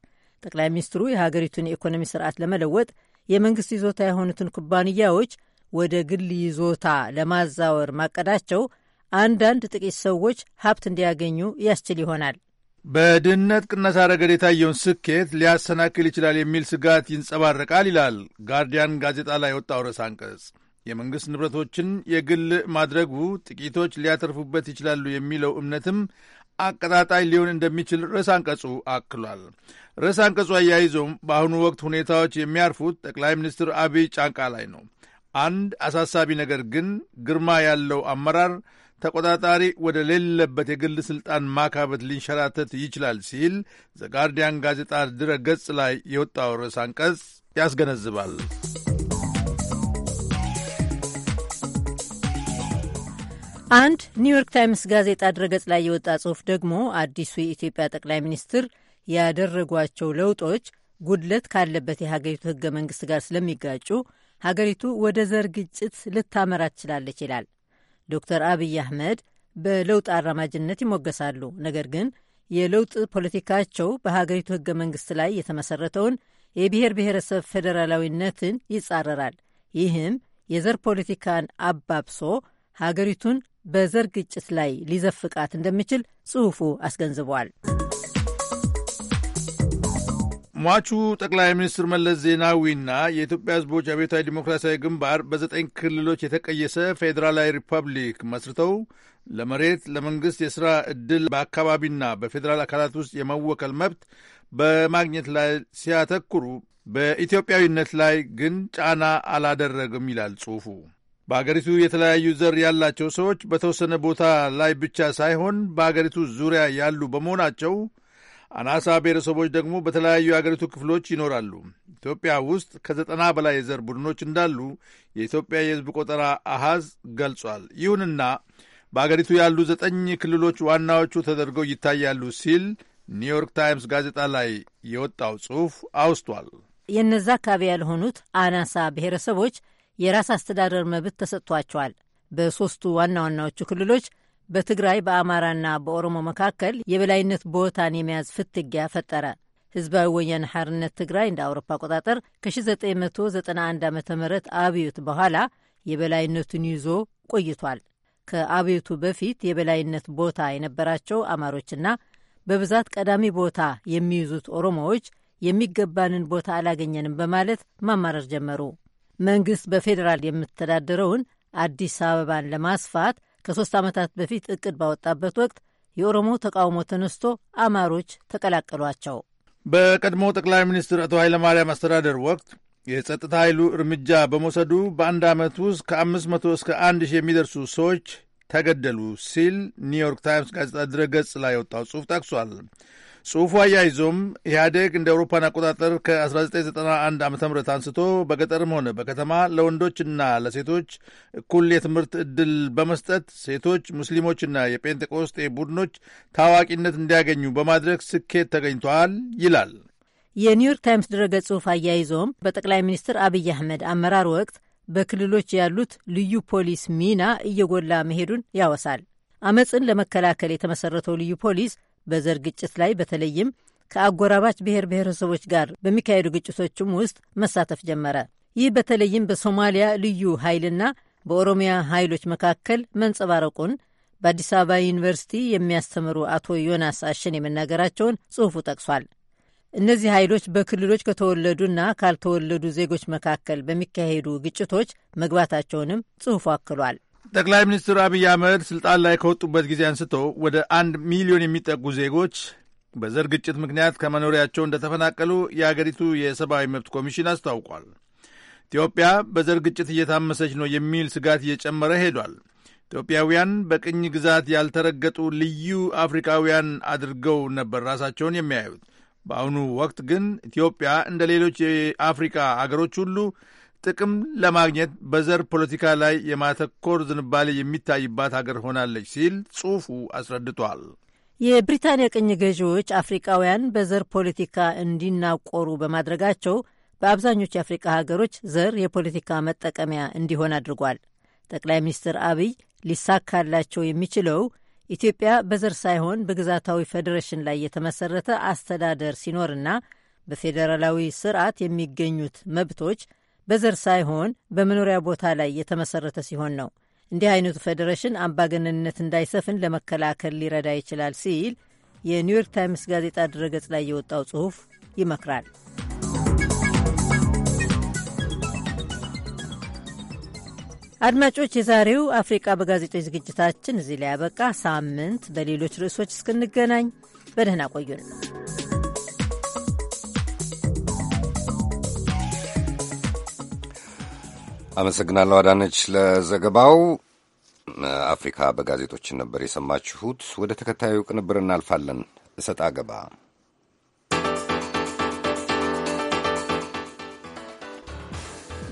ጠቅላይ ሚኒስትሩ የሀገሪቱን የኢኮኖሚ ስርዓት ለመለወጥ የመንግስት ይዞታ የሆኑትን ኩባንያዎች ወደ ግል ይዞታ ለማዛወር ማቀዳቸው አንዳንድ ጥቂት ሰዎች ሀብት እንዲያገኙ ያስችል ይሆናል። በድህነት ቅነሳ ረገድ የታየውን ስኬት ሊያሰናክል ይችላል የሚል ስጋት ይንጸባረቃል ይላል ጋርዲያን ጋዜጣ ላይ የወጣው ርዕሰ አንቀጽ። የመንግሥት ንብረቶችን የግል ማድረጉ ጥቂቶች ሊያተርፉበት ይችላሉ የሚለው እምነትም አቀጣጣይ ሊሆን እንደሚችል ርዕስ አንቀጹ አክሏል። ርዕስ አንቀጹ አያይዞም በአሁኑ ወቅት ሁኔታዎች የሚያርፉት ጠቅላይ ሚኒስትር አብይ ጫንቃ ላይ ነው። አንድ አሳሳቢ ነገር ግን ግርማ ያለው አመራር ተቆጣጣሪ ወደ ሌለበት የግል ሥልጣን ማካበት ሊንሸራተት ይችላል ሲል ዘጋርዲያን ጋዜጣ ድረ ገጽ ላይ የወጣው ርዕስ አንቀጽ ያስገነዝባል። አንድ ኒውዮርክ ታይምስ ጋዜጣ ድረገጽ ላይ የወጣ ጽሑፍ ደግሞ አዲሱ የኢትዮጵያ ጠቅላይ ሚኒስትር ያደረጓቸው ለውጦች ጉድለት ካለበት የሀገሪቱ ህገ መንግስት ጋር ስለሚጋጩ ሀገሪቱ ወደ ዘር ግጭት ልታመራ ትችላለች ይላል። ዶክተር አብይ አህመድ በለውጥ አራማጅነት ይሞገሳሉ። ነገር ግን የለውጥ ፖለቲካቸው በሀገሪቱ ህገ መንግስት ላይ የተመሰረተውን የብሔር ብሔረሰብ ፌዴራላዊነትን ይጻረራል። ይህም የዘር ፖለቲካን አባብሶ ሀገሪቱን በዘር ግጭት ላይ ሊዘፍቃት እንደሚችል ጽሑፉ አስገንዝቧል። ሟቹ ጠቅላይ ሚኒስትር መለስ ዜናዊና የኢትዮጵያ ሕዝቦች አብዮታዊ ዲሞክራሲያዊ ግንባር በዘጠኝ ክልሎች የተቀየሰ ፌዴራላዊ ሪፐብሊክ መስርተው ለመሬት፣ ለመንግሥት የሥራ ዕድል፣ በአካባቢና በፌዴራል አካላት ውስጥ የመወከል መብት በማግኘት ላይ ሲያተኩሩ በኢትዮጵያዊነት ላይ ግን ጫና አላደረግም ይላል ጽሑፉ። በአገሪቱ የተለያዩ ዘር ያላቸው ሰዎች በተወሰነ ቦታ ላይ ብቻ ሳይሆን በአገሪቱ ዙሪያ ያሉ በመሆናቸው አናሳ ብሔረሰቦች ደግሞ በተለያዩ የአገሪቱ ክፍሎች ይኖራሉ። ኢትዮጵያ ውስጥ ከዘጠና በላይ የዘር ቡድኖች እንዳሉ የኢትዮጵያ የሕዝብ ቆጠራ አሃዝ ገልጿል። ይሁንና በአገሪቱ ያሉ ዘጠኝ ክልሎች ዋናዎቹ ተደርገው ይታያሉ ሲል ኒውዮርክ ታይምስ ጋዜጣ ላይ የወጣው ጽሑፍ አውስቷል። የእነዛ አካባቢ ያልሆኑት አናሳ ብሔረሰቦች የራስ አስተዳደር መብት ተሰጥቷቸዋል። በሦስቱ ዋና ዋናዎቹ ክልሎች በትግራይ በአማራና በኦሮሞ መካከል የበላይነት ቦታን የመያዝ ፍትጊያ ፈጠረ። ህዝባዊ ወያነ ሐርነት ትግራይ እንደ አውሮፓ አቆጣጠር ከ1991 ዓ ም አብዮት በኋላ የበላይነቱን ይዞ ቆይቷል። ከአብዮቱ በፊት የበላይነት ቦታ የነበራቸው አማሮችና በብዛት ቀዳሚ ቦታ የሚይዙት ኦሮሞዎች የሚገባንን ቦታ አላገኘንም በማለት ማማረር ጀመሩ። መንግሥት በፌዴራል የምተዳደረውን አዲስ አበባን ለማስፋት ከሶስት ዓመታት በፊት እቅድ ባወጣበት ወቅት የኦሮሞ ተቃውሞ ተነስቶ አማሮች ተቀላቀሏቸው። በቀድሞ ጠቅላይ ሚኒስትር አቶ ኃይለማርያም አስተዳደር ወቅት የጸጥታ ኃይሉ እርምጃ በመውሰዱ በአንድ ዓመት ውስጥ ከ500 እስከ 1 ሺህ የሚደርሱ ሰዎች ተገደሉ ሲል ኒውዮርክ ታይምስ ጋዜጣ ድረገጽ ላይ የወጣው ጽሑፍ ጠቅሷል። ጽሑፉ አያይዞም ኢህአዴግ እንደ አውሮፓን አቆጣጠር ከ1991 ዓ ም አንስቶ በገጠርም ሆነ በከተማ ለወንዶችና ለሴቶች እኩል የትምህርት ዕድል በመስጠት ሴቶች፣ ሙስሊሞችና የጴንጤቆስጤ ቡድኖች ታዋቂነት እንዲያገኙ በማድረግ ስኬት ተገኝተዋል ይላል። የኒውዮርክ ታይምስ ድረገ ጽሑፍ አያይዞም በጠቅላይ ሚኒስትር አብይ አህመድ አመራር ወቅት በክልሎች ያሉት ልዩ ፖሊስ ሚና እየጎላ መሄዱን ያወሳል። አመፅን ለመከላከል የተመሰረተው ልዩ ፖሊስ በዘር ግጭት ላይ በተለይም ከአጎራባች ብሔር ብሔረሰቦች ጋር በሚካሄዱ ግጭቶችም ውስጥ መሳተፍ ጀመረ። ይህ በተለይም በሶማሊያ ልዩ ኃይልና በኦሮሚያ ኃይሎች መካከል መንጸባረቁን በአዲስ አበባ ዩኒቨርሲቲ የሚያስተምሩ አቶ ዮናስ አሸን የመናገራቸውን ጽሑፉ ጠቅሷል። እነዚህ ኃይሎች በክልሎች ከተወለዱና ካልተወለዱ ዜጎች መካከል በሚካሄዱ ግጭቶች መግባታቸውንም ጽሑፉ አክሏል። ጠቅላይ ሚኒስትር አብይ አህመድ ስልጣን ላይ ከወጡበት ጊዜ አንስቶ ወደ አንድ ሚሊዮን የሚጠጉ ዜጎች በዘር ግጭት ምክንያት ከመኖሪያቸው እንደተፈናቀሉ የአገሪቱ የሰብአዊ መብት ኮሚሽን አስታውቋል። ኢትዮጵያ በዘር ግጭት እየታመሰች ነው የሚል ስጋት እየጨመረ ሄዷል። ኢትዮጵያውያን በቅኝ ግዛት ያልተረገጡ ልዩ አፍሪካውያን አድርገው ነበር ራሳቸውን የሚያዩት። በአሁኑ ወቅት ግን ኢትዮጵያ እንደ ሌሎች የአፍሪካ አገሮች ሁሉ ጥቅም ለማግኘት በዘር ፖለቲካ ላይ የማተኮር ዝንባሌ የሚታይባት ሀገር ሆናለች ሲል ጽሑፉ አስረድቷል። የብሪታንያ ቅኝ ገዢዎች አፍሪቃውያን በዘር ፖለቲካ እንዲናቆሩ በማድረጋቸው በአብዛኞቹ የአፍሪቃ ሀገሮች ዘር የፖለቲካ መጠቀሚያ እንዲሆን አድርጓል። ጠቅላይ ሚኒስትር አብይ ሊሳካላቸው የሚችለው ኢትዮጵያ በዘር ሳይሆን በግዛታዊ ፌዴሬሽን ላይ የተመሰረተ አስተዳደር ሲኖርና በፌዴራላዊ ስርዓት የሚገኙት መብቶች በዘር ሳይሆን በመኖሪያ ቦታ ላይ የተመሰረተ ሲሆን ነው። እንዲህ አይነቱ ፌዴሬሽን አምባገነንነት እንዳይሰፍን ለመከላከል ሊረዳ ይችላል ሲል የኒውዮርክ ታይምስ ጋዜጣ ድረገጽ ላይ የወጣው ጽሑፍ ይመክራል። አድማጮች፣ የዛሬው አፍሪቃ በጋዜጦች ዝግጅታችን እዚህ ላይ ያበቃ። ሳምንት በሌሎች ርዕሶች እስክንገናኝ በደህና ቆዩን። አመሰግናለሁ አዳነች ለዘገባው። አፍሪካ በጋዜጦችን ነበር የሰማችሁት። ወደ ተከታዩ ቅንብር እናልፋለን። እሰጥ አገባ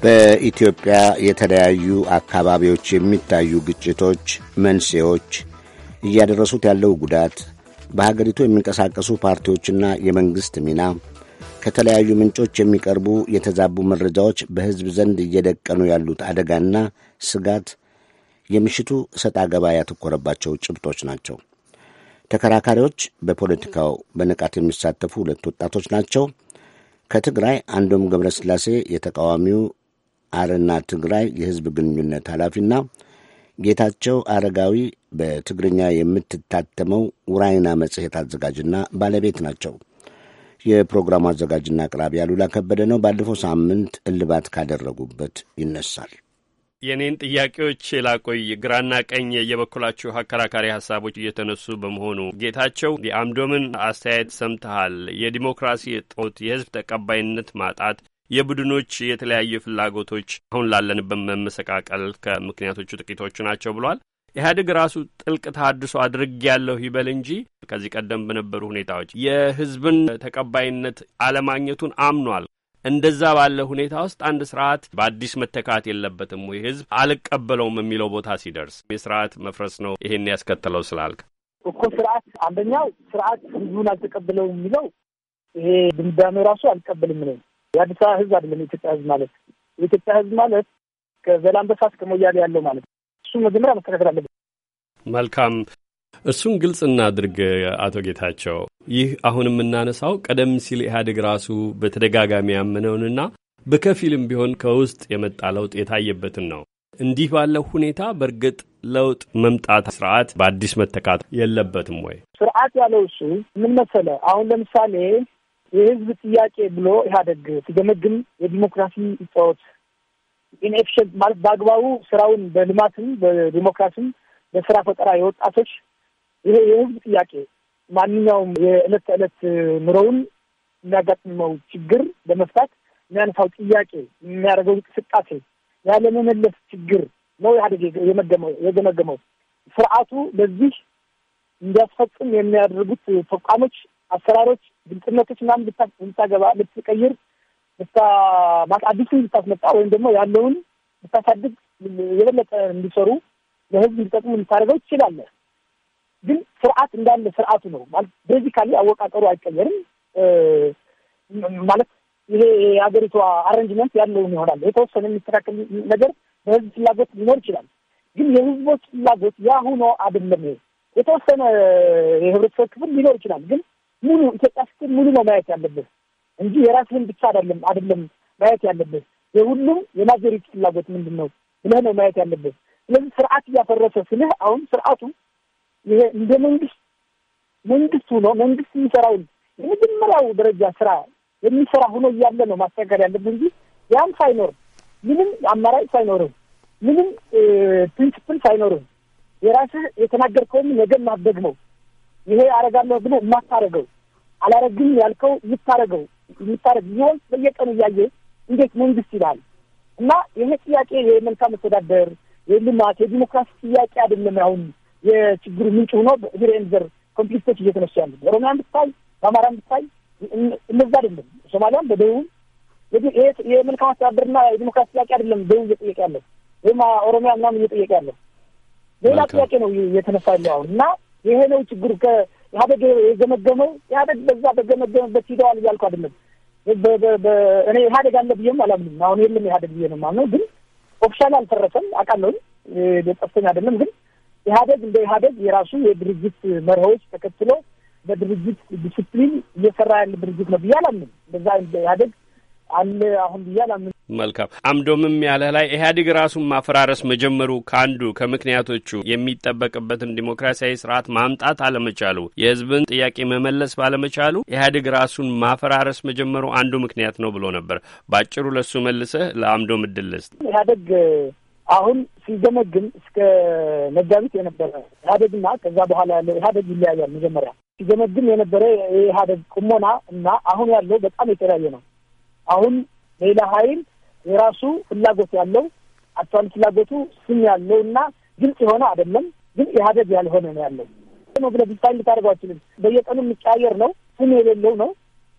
በኢትዮጵያ የተለያዩ አካባቢዎች የሚታዩ ግጭቶች መንስኤዎች፣ እያደረሱት ያለው ጉዳት፣ በሀገሪቱ የሚንቀሳቀሱ ፓርቲዎችና የመንግሥት ሚና ከተለያዩ ምንጮች የሚቀርቡ የተዛቡ መረጃዎች በሕዝብ ዘንድ እየደቀኑ ያሉት አደጋና ስጋት የምሽቱ እሰጥ አገባ ያተኮረባቸው ጭብጦች ናቸው። ተከራካሪዎች በፖለቲካው በንቃት የሚሳተፉ ሁለት ወጣቶች ናቸው። ከትግራይ አንዶም ገብረስላሴ የተቃዋሚው አረና ትግራይ የሕዝብ ግንኙነት ኃላፊና ጌታቸው አረጋዊ በትግርኛ የምትታተመው ውራይና መጽሔት አዘጋጅና ባለቤት ናቸው። የፕሮግራሙ አዘጋጅና አቅራቢ አሉላ ከበደ ነው። ባለፈው ሳምንት እልባት ካደረጉበት ይነሳል። የኔን ጥያቄዎች ላቆይ። ግራና ቀኝ የበኩላችሁ አከራካሪ ሀሳቦች እየተነሱ በመሆኑ ጌታቸው፣ የአምዶምን አስተያየት ሰምተሃል። የዲሞክራሲ እጦት፣ የህዝብ ተቀባይነት ማጣት፣ የቡድኖች የተለያዩ ፍላጎቶች አሁን ላለንበት መመሰቃቀል ከምክንያቶቹ ጥቂቶቹ ናቸው ብሏል። ኢህአዴግ ራሱ ጥልቅ ታድሶ አድርግ ያለሁ ይበል እንጂ ከዚህ ቀደም በነበሩ ሁኔታዎች የህዝብን ተቀባይነት አለማግኘቱን አምኗል። እንደዛ ባለ ሁኔታ ውስጥ አንድ ስርዓት በአዲስ መተካት የለበትም ወይ? ህዝብ አልቀበለውም የሚለው ቦታ ሲደርስ የስርዓት መፍረስ ነው ይሄን ያስከተለው ስላልክ እኮ ስርዓት አንደኛው ስርዓት ህዝቡን አልተቀበለውም የሚለው ይሄ ድምዳሜ ራሱ አልቀበልም ነው። የአዲስ አበባ ህዝብ አይደለም የኢትዮጵያ ህዝብ ማለት የኢትዮጵያ ህዝብ ማለት ከዘላንበሳ እስከ ሞያሌ ያለው ማለት እሱን መጀመሪያ መስተካከል አለበት። መልካም እሱን ግልጽ እናድርግ። አቶ ጌታቸው፣ ይህ አሁን የምናነሳው ቀደም ሲል ኢህአዴግ ራሱ በተደጋጋሚ ያመነውንና በከፊልም ቢሆን ከውስጥ የመጣ ለውጥ የታየበትን ነው። እንዲህ ባለው ሁኔታ በእርግጥ ለውጥ መምጣት ስርዓት በአዲስ መተካት የለበትም ወይ? ስርዓት ያለው እሱ ምን መሰለ፣ አሁን ለምሳሌ የህዝብ ጥያቄ ብሎ ኢህአዴግ ሲገመግም የዲሞክራሲ እጦት ኢንኤፊሽንት ማለት በአግባቡ ስራውን በልማትም በዲሞክራሲም በስራ ፈጠራ የወጣቶች ይሄ የህዝብ ጥያቄ ማንኛውም የዕለት ተዕለት ኑሮውን የሚያጋጥመው ችግር በመፍታት የሚያነሳው ጥያቄ የሚያደርገው እንቅስቃሴ ያለመመለስ ችግር ነው ኢህአዴግ የገመገመው። ስርዓቱ በዚህ እንዲያስፈጽም የሚያደርጉት ተቋሞች፣ አሰራሮች፣ ግልጽነቶች ምናምን ልታገባ ልትቀይር አዲሱን ልታስመጣ ወይም ደግሞ ያለውን ልታሳድግ የበለጠ እንዲሰሩ ለህዝብ እንዲጠቅሙ ልታደርገው ትችላለህ። ግን ስርዓት እንዳለ ስርዓቱ ነው ማለት በዚህ ካለ አወቃቀሩ አይቀየርም ማለት ይሄ የሀገሪቷ አረንጅመንት ያለውን ይሆናል። የተወሰነ የሚስተካከል ነገር በህዝብ ፍላጎት ሊኖር ይችላል። ግን የህዝቦች ፍላጎት ያ አይደለም። የተወሰነ የህብረተሰብ ክፍል ሊኖር ይችላል። ግን ሙሉ ኢትዮጵያ ስትል ሙሉ ነው ማየት ያለብህ። እንጂ የራስህን ብቻ አይደለም አይደለም ማየት ያለብህ የሁሉም የናገሪቱ ፍላጎት ምንድን ነው ብለህ ነው ማየት ያለብህ። ስለዚህ ስርዓት እያፈረሰ ስልህ አሁን ስርዓቱ ይሄ እንደ መንግስት መንግስት ሆኖ መንግስት የሚሰራውን የመጀመሪያው ደረጃ ስራ የሚሰራ ሆኖ እያለ ነው ማስተካከል ያለብህ እንጂ ያም ሳይኖር ምንም አማራጭ ሳይኖርህ ምንም ፕሪንስፕል ሳይኖርህ የራስህ የተናገርከውም ነገር ማደግመው ይሄ አረጋለሁ ብለህ የማታረገው አላረግም ያልከው ይታረገው የሚታረግ ቢሆን በየቀኑ እያየ እንዴት መንግስት ይላል እና ይሄ ጥያቄ የመልካም መስተዳደር የልማት የዲሞክራሲ ጥያቄ አይደለም። አሁን የችግሩ ምንጭ ሆኖ ዘር ኮንፍሊክቶች እየተነሱ ያሉ ኦሮሚያን ብታይ፣ በአማራን ብታይ እነዛ አይደለም። ሶማሊያም በደቡብ የመልካም አስተዳደርና የዲሞክራሲ ጥያቄ አይደለም። ደቡብ እየጠየቀ ያለው ወይም ኦሮሚያ ምናምን እየጠየቀ ያለው ሌላ ጥያቄ ነው እየተነሳ ያለው አሁን እና ይሄ ነው ችግሩ። ኢህአዴግ የገመገመው ኢህአዴግ በዛ በገመገመበት ሂደዋል እያልኩ አይደለም። እኔ ኢህአደግ አለ ብዬም አላምንም። አሁን የለም ኢህአደግ ብዬ ነው የማምነው። ግን ኦፊሻል አልፈረሰም አውቃለሁኝ፣ ጠፍተኛ አይደለም። ግን ኢህአደግ እንደ ኢህአደግ የራሱ የድርጅት መርሆች ተከትሎ በድርጅት ዲስፕሊን እየሰራ ያለ ድርጅት ነው ብዬ አላምንም። እንደዛ ኢህአደግ አለ አሁን ብዬ አላምንም። መልካም አምዶምም ያለ ላይ ኢህአዴግ ራሱን ማፈራረስ መጀመሩ ከአንዱ ከምክንያቶቹ የሚጠበቅበትን ዲሞክራሲያዊ ስርዓት ማምጣት አለመቻሉ፣ የህዝብን ጥያቄ መመለስ ባለመቻሉ ኢህአዴግ ራሱን ማፈራረስ መጀመሩ አንዱ ምክንያት ነው ብሎ ነበር። በአጭሩ ለሱ መልሰህ ለአምዶም እድል ልስጥ። ኢህአዴግ አሁን ሲገመግም እስከ መጋቢት የነበረ ኢህአዴግና ከዛ በኋላ ያለው ኢህአዴግ ይለያያል። መጀመሪያ ሲገመግም የነበረ የኢህአዴግ ቁሞና እና አሁን ያለው በጣም የተለያየ ነው። አሁን ሌላ ኃይል የራሱ ፍላጎት ያለው አክቹዋሊ ፍላጎቱ ስም ያለው እና ግልጽ የሆነ አይደለም፣ ግን ኢህአዴግ ያልሆነ ነው ያለው ነው ብለህ ዲፋይን ልታደርገው አችልም። በየቀኑ የሚቀያየር ነው፣ ስም የሌለው ነው፣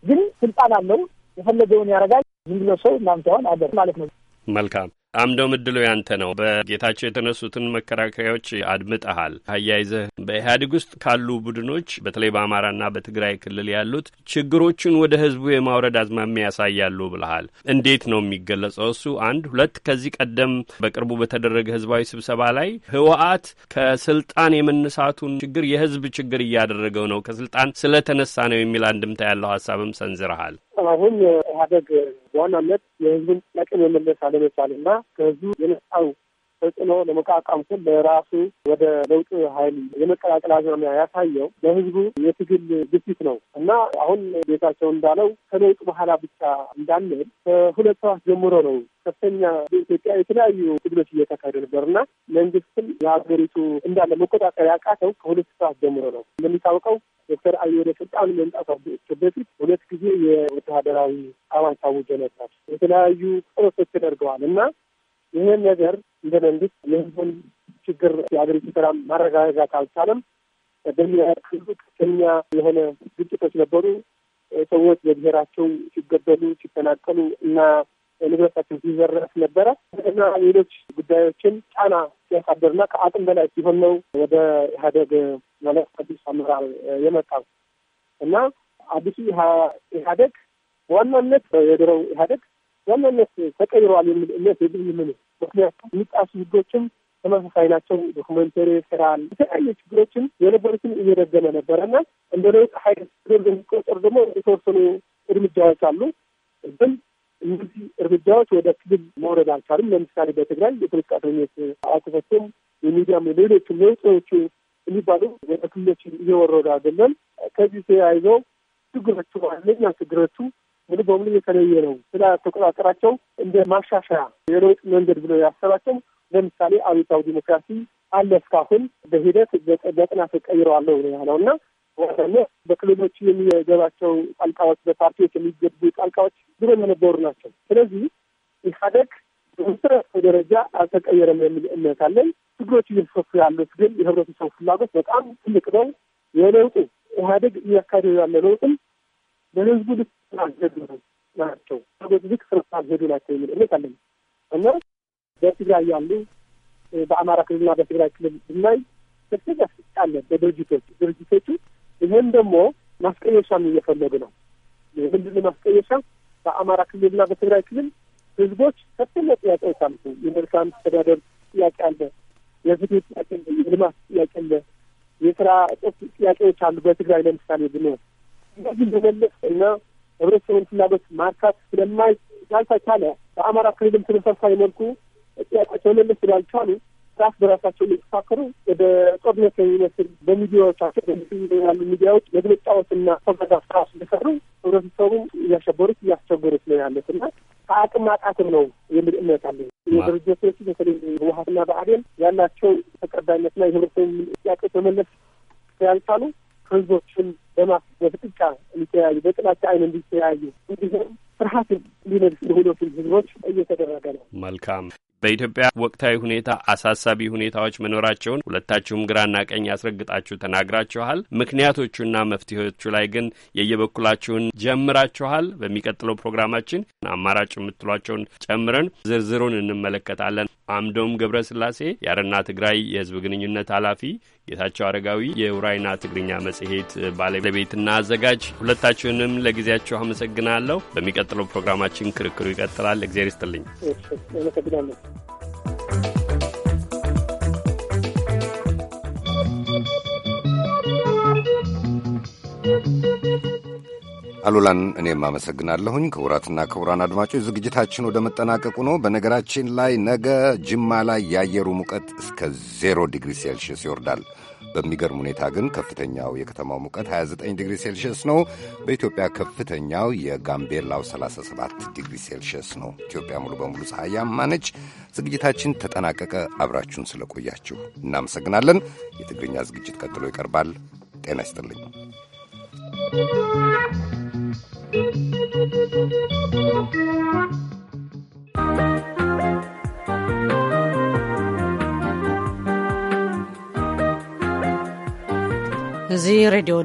ግን ስልጣን አለው፣ የፈለገውን ያደርጋል። ዝም ብሎ ሰው እናምታሆን አገር ማለት ነው። መልካም አምደው ምድሎ ያንተ ነው። በጌታቸው የተነሱትን መከራከሪያዎች አድምጠሃል። አያይዘህ በኢህአዴግ ውስጥ ካሉ ቡድኖች በተለይ በአማራና በትግራይ ክልል ያሉት ችግሮችን ወደ ህዝቡ የማውረድ አዝማሚያ ያሳያሉ ብልሃል። እንዴት ነው የሚገለጸው? እሱ አንድ ሁለት ከዚህ ቀደም በቅርቡ በተደረገ ህዝባዊ ስብሰባ ላይ ህወሓት ከስልጣን የመነሳቱን ችግር የህዝብ ችግር እያደረገው ነው፣ ከስልጣን ስለተነሳ ነው የሚል አንድምታ ያለው ሀሳብም ሰንዝረሃል። አሁን ኢህአዴግ በዋናነት የህዝብን ጥያቄ መመለስ አለመቻል እና ከህዝቡ የነሳው ተጽዕኖ ለመቃቃም ስል ለራሱ ወደ ለውጥ ኃይል የመቀላቀል አዝማሚያ ያሳየው ለህዝቡ የትግል ግፊት ነው እና አሁን ቤታቸው እንዳለው ከለውጥ በኋላ ብቻ እንዳንል ከሁለት ሰባት ጀምሮ ነው ከፍተኛ በኢትዮጵያ የተለያዩ ትግሎች እየተካሄዱ ነበር እና መንግስትም የሀገሪቱ እንዳለ መቆጣጠር ያቃተው ከሁለት ሰባት ጀምሮ ነው። እንደሚታወቀው ዶክተር አብይ ወደ ስልጣን መምጣታቸው በፊት ሁለት ጊዜ የወታደራዊ አዋጅ ታውጆ ነበር። የተለያዩ ጥረቶች ተደርገዋል እና ይህን ነገር እንደ መንግስት የህዝቡን ችግር የአገሪቱ ሰላም ማረጋጋት አልቻለም። በሚያ ክልሉ ከፍተኛ የሆነ ግጭቶች ነበሩ። ሰዎች በብሔራቸው ሲገደሉ፣ ሲፈናቀሉ እና ንብረታቸው ሲዘረፍ ነበረ እና ሌሎች ጉዳዮችን ጫና ሲያሳደርና ከአቅም በላይ ሲሆን ነው ወደ ኢህአደግ ማለት አዲስ አመራር የመጣው እና አዲሱ ኢህአደግ በዋናነት የድሮው ኢህአደግ ዋናነት ተቀይሯል የሚል እምነት የግል ምን ምክንያቱም የሚጣሱ ህጎችም ተመሳሳይ ናቸው። ዶክመንተሪ ስራል የተለያዩ ችግሮችን የነበሩትን እየደገመ ነበረ እና እንደ ለውጥ ሀይል የሚቆጠሩ ደግሞ የተወሰኑ እርምጃዎች አሉ ግን እነዚህ እርምጃዎች ወደ ክልል መውረድ አልቻሉም። ለምሳሌ በትግራይ የፖለቲካ እስረኞች አልተፈቱም። የሚዲያም ሌሎችም ለውጦዎቹ የሚባሉ ወደ ክልሎችን እየወረዱ አይደለም። ከዚህ ተያይዘው ችግሮቹ ዋነኛ ችግሮቹ ሙሉ በሙሉ የተለየ ነው። ስለ ተቆጣጠራቸው እንደ ማሻሻያ የለውጥ መንገድ ብሎ ያሰባቸው ለምሳሌ አብዮታዊ ዲሞክራሲ አለ እስካሁን በሂደት በጥናት ቀይረዋለሁ ነው ያለው እና ዋናነት በክልሎች የሚገባቸው ጣልቃዎች፣ በፓርቲዎች የሚገቡ ጣልቃዎች ድሮ የነበሩ ናቸው። ስለዚህ ኢህአዴግ በመሰረታዊ ደረጃ አልተቀየረም የሚል እምነት አለን። ችግሮች እየተፈቱ ያሉት ግን የህብረተሰቡ ፍላጎት በጣም ትልቅ ነው። የለውጡ ኢህአዴግ እያካሄደ ያለ ለውጥም ለህዝቡ ልክ ስላልሄዱ ናቸው ሀገር ልክ ስላልሄዱ ናቸው የሚል እምነት አለኝ እና በትግራይ ያሉ በአማራ ክልልና በትግራይ ክልል ብናይ ከፍተኛ ፍጥጫ አለ በድርጅቶች ድርጅቶቹ ይህም ደግሞ ማስቀየሻም እየፈለጉ ነው። ምንድን ማስቀየሻ? በአማራ ክልልና በትግራይ ክልል ህዝቦች ከፍተኛ ጥያቄ አሉ። የመልካም አስተዳደር ጥያቄ አለ። የፍትህ ጥያቄ፣ የልማት ጥያቄ፣ የስራ እጦት ጥያቄዎች አሉ። በትግራይ ለምሳሌ ብንወስድ እነዚህ በመለስ እና ህብረተሰቡን ፍላጎት ማርካት ስለማይ ስላልተቻለ በአማራ ክልልም ተመሳሳይ መልኩ ጥያቄዎች መመለስ ስላልቻሉ ራስ በራሳቸው እየተፋከሩ ወደ ጦርነት የሚመስል በሚዲያዎቻቸው ያሉ ሚዲያዎች መግለጫዎችና ተበዛ ስራዎች እንደሰሩ ህብረተሰቡን እያሸበሩት እያስቸገሩት ነው ያለት እና ከአቅም አቃትም ነው የሚል እምነት አለኝ። የድርጅቶቹ በተለይ ህወሀትና በአዴን ያላቸው ተቀባይነትና የህብረተሰቡ ጥያቄ በመለስ ያልቻሉ ህዝቦችን በማስ በፍጥጫ እንዲተያዩ በጥላቻ አይን እንዲተያዩ እንዲሁም ፍርሀት እንዲነግስ ለሁለቱም ህዝቦች እየተደረገ ነው። መልካም በኢትዮጵያ ወቅታዊ ሁኔታ አሳሳቢ ሁኔታዎች መኖራቸውን ሁለታችሁም ግራና ቀኝ ያስረግጣችሁ ተናግራችኋል። ምክንያቶቹና መፍትሄዎቹ ላይ ግን የየበኩላችሁን ጀምራችኋል። በሚቀጥለው ፕሮግራማችን አማራጭ የምትሏቸውን ጨምረን ዝርዝሩን እንመለከታለን። አምዶም ገብረ ስላሴ የአረና ትግራይ የህዝብ ግንኙነት ኃላፊ ጌታቸው አረጋዊ የውራይና ትግርኛ መጽሔት ባለቤትና አዘጋጅ፣ ሁለታችሁንም ለጊዜያችሁ አመሰግናለሁ። በሚቀጥለው ፕሮግራማችን ክርክሩ ይቀጥላል። እግዚአብሔር ይስጥልኝ። አመሰግናለሁ። አሉላን እኔም አመሰግናለሁኝ። ክቡራትና ክቡራን አድማጮች ዝግጅታችን ወደ መጠናቀቁ ነው። በነገራችን ላይ ነገ ጅማ ላይ የአየሩ ሙቀት እስከ ዜሮ ዲግሪ ሴልሽየስ ይወርዳል። በሚገርም ሁኔታ ግን ከፍተኛው የከተማው ሙቀት 29 ዲግሪ ሴልሽየስ ነው። በኢትዮጵያ ከፍተኛው የጋምቤላው 37 ዲግሪ ሴልሽየስ ነው። ኢትዮጵያ ሙሉ በሙሉ ፀሐያማ ነች። ዝግጅታችን ተጠናቀቀ። አብራችሁን ስለቆያችሁ እናመሰግናለን። የትግርኛ ዝግጅት ቀጥሎ ይቀርባል። ጤና ይስጥልኝ። እዚ ሬድዮ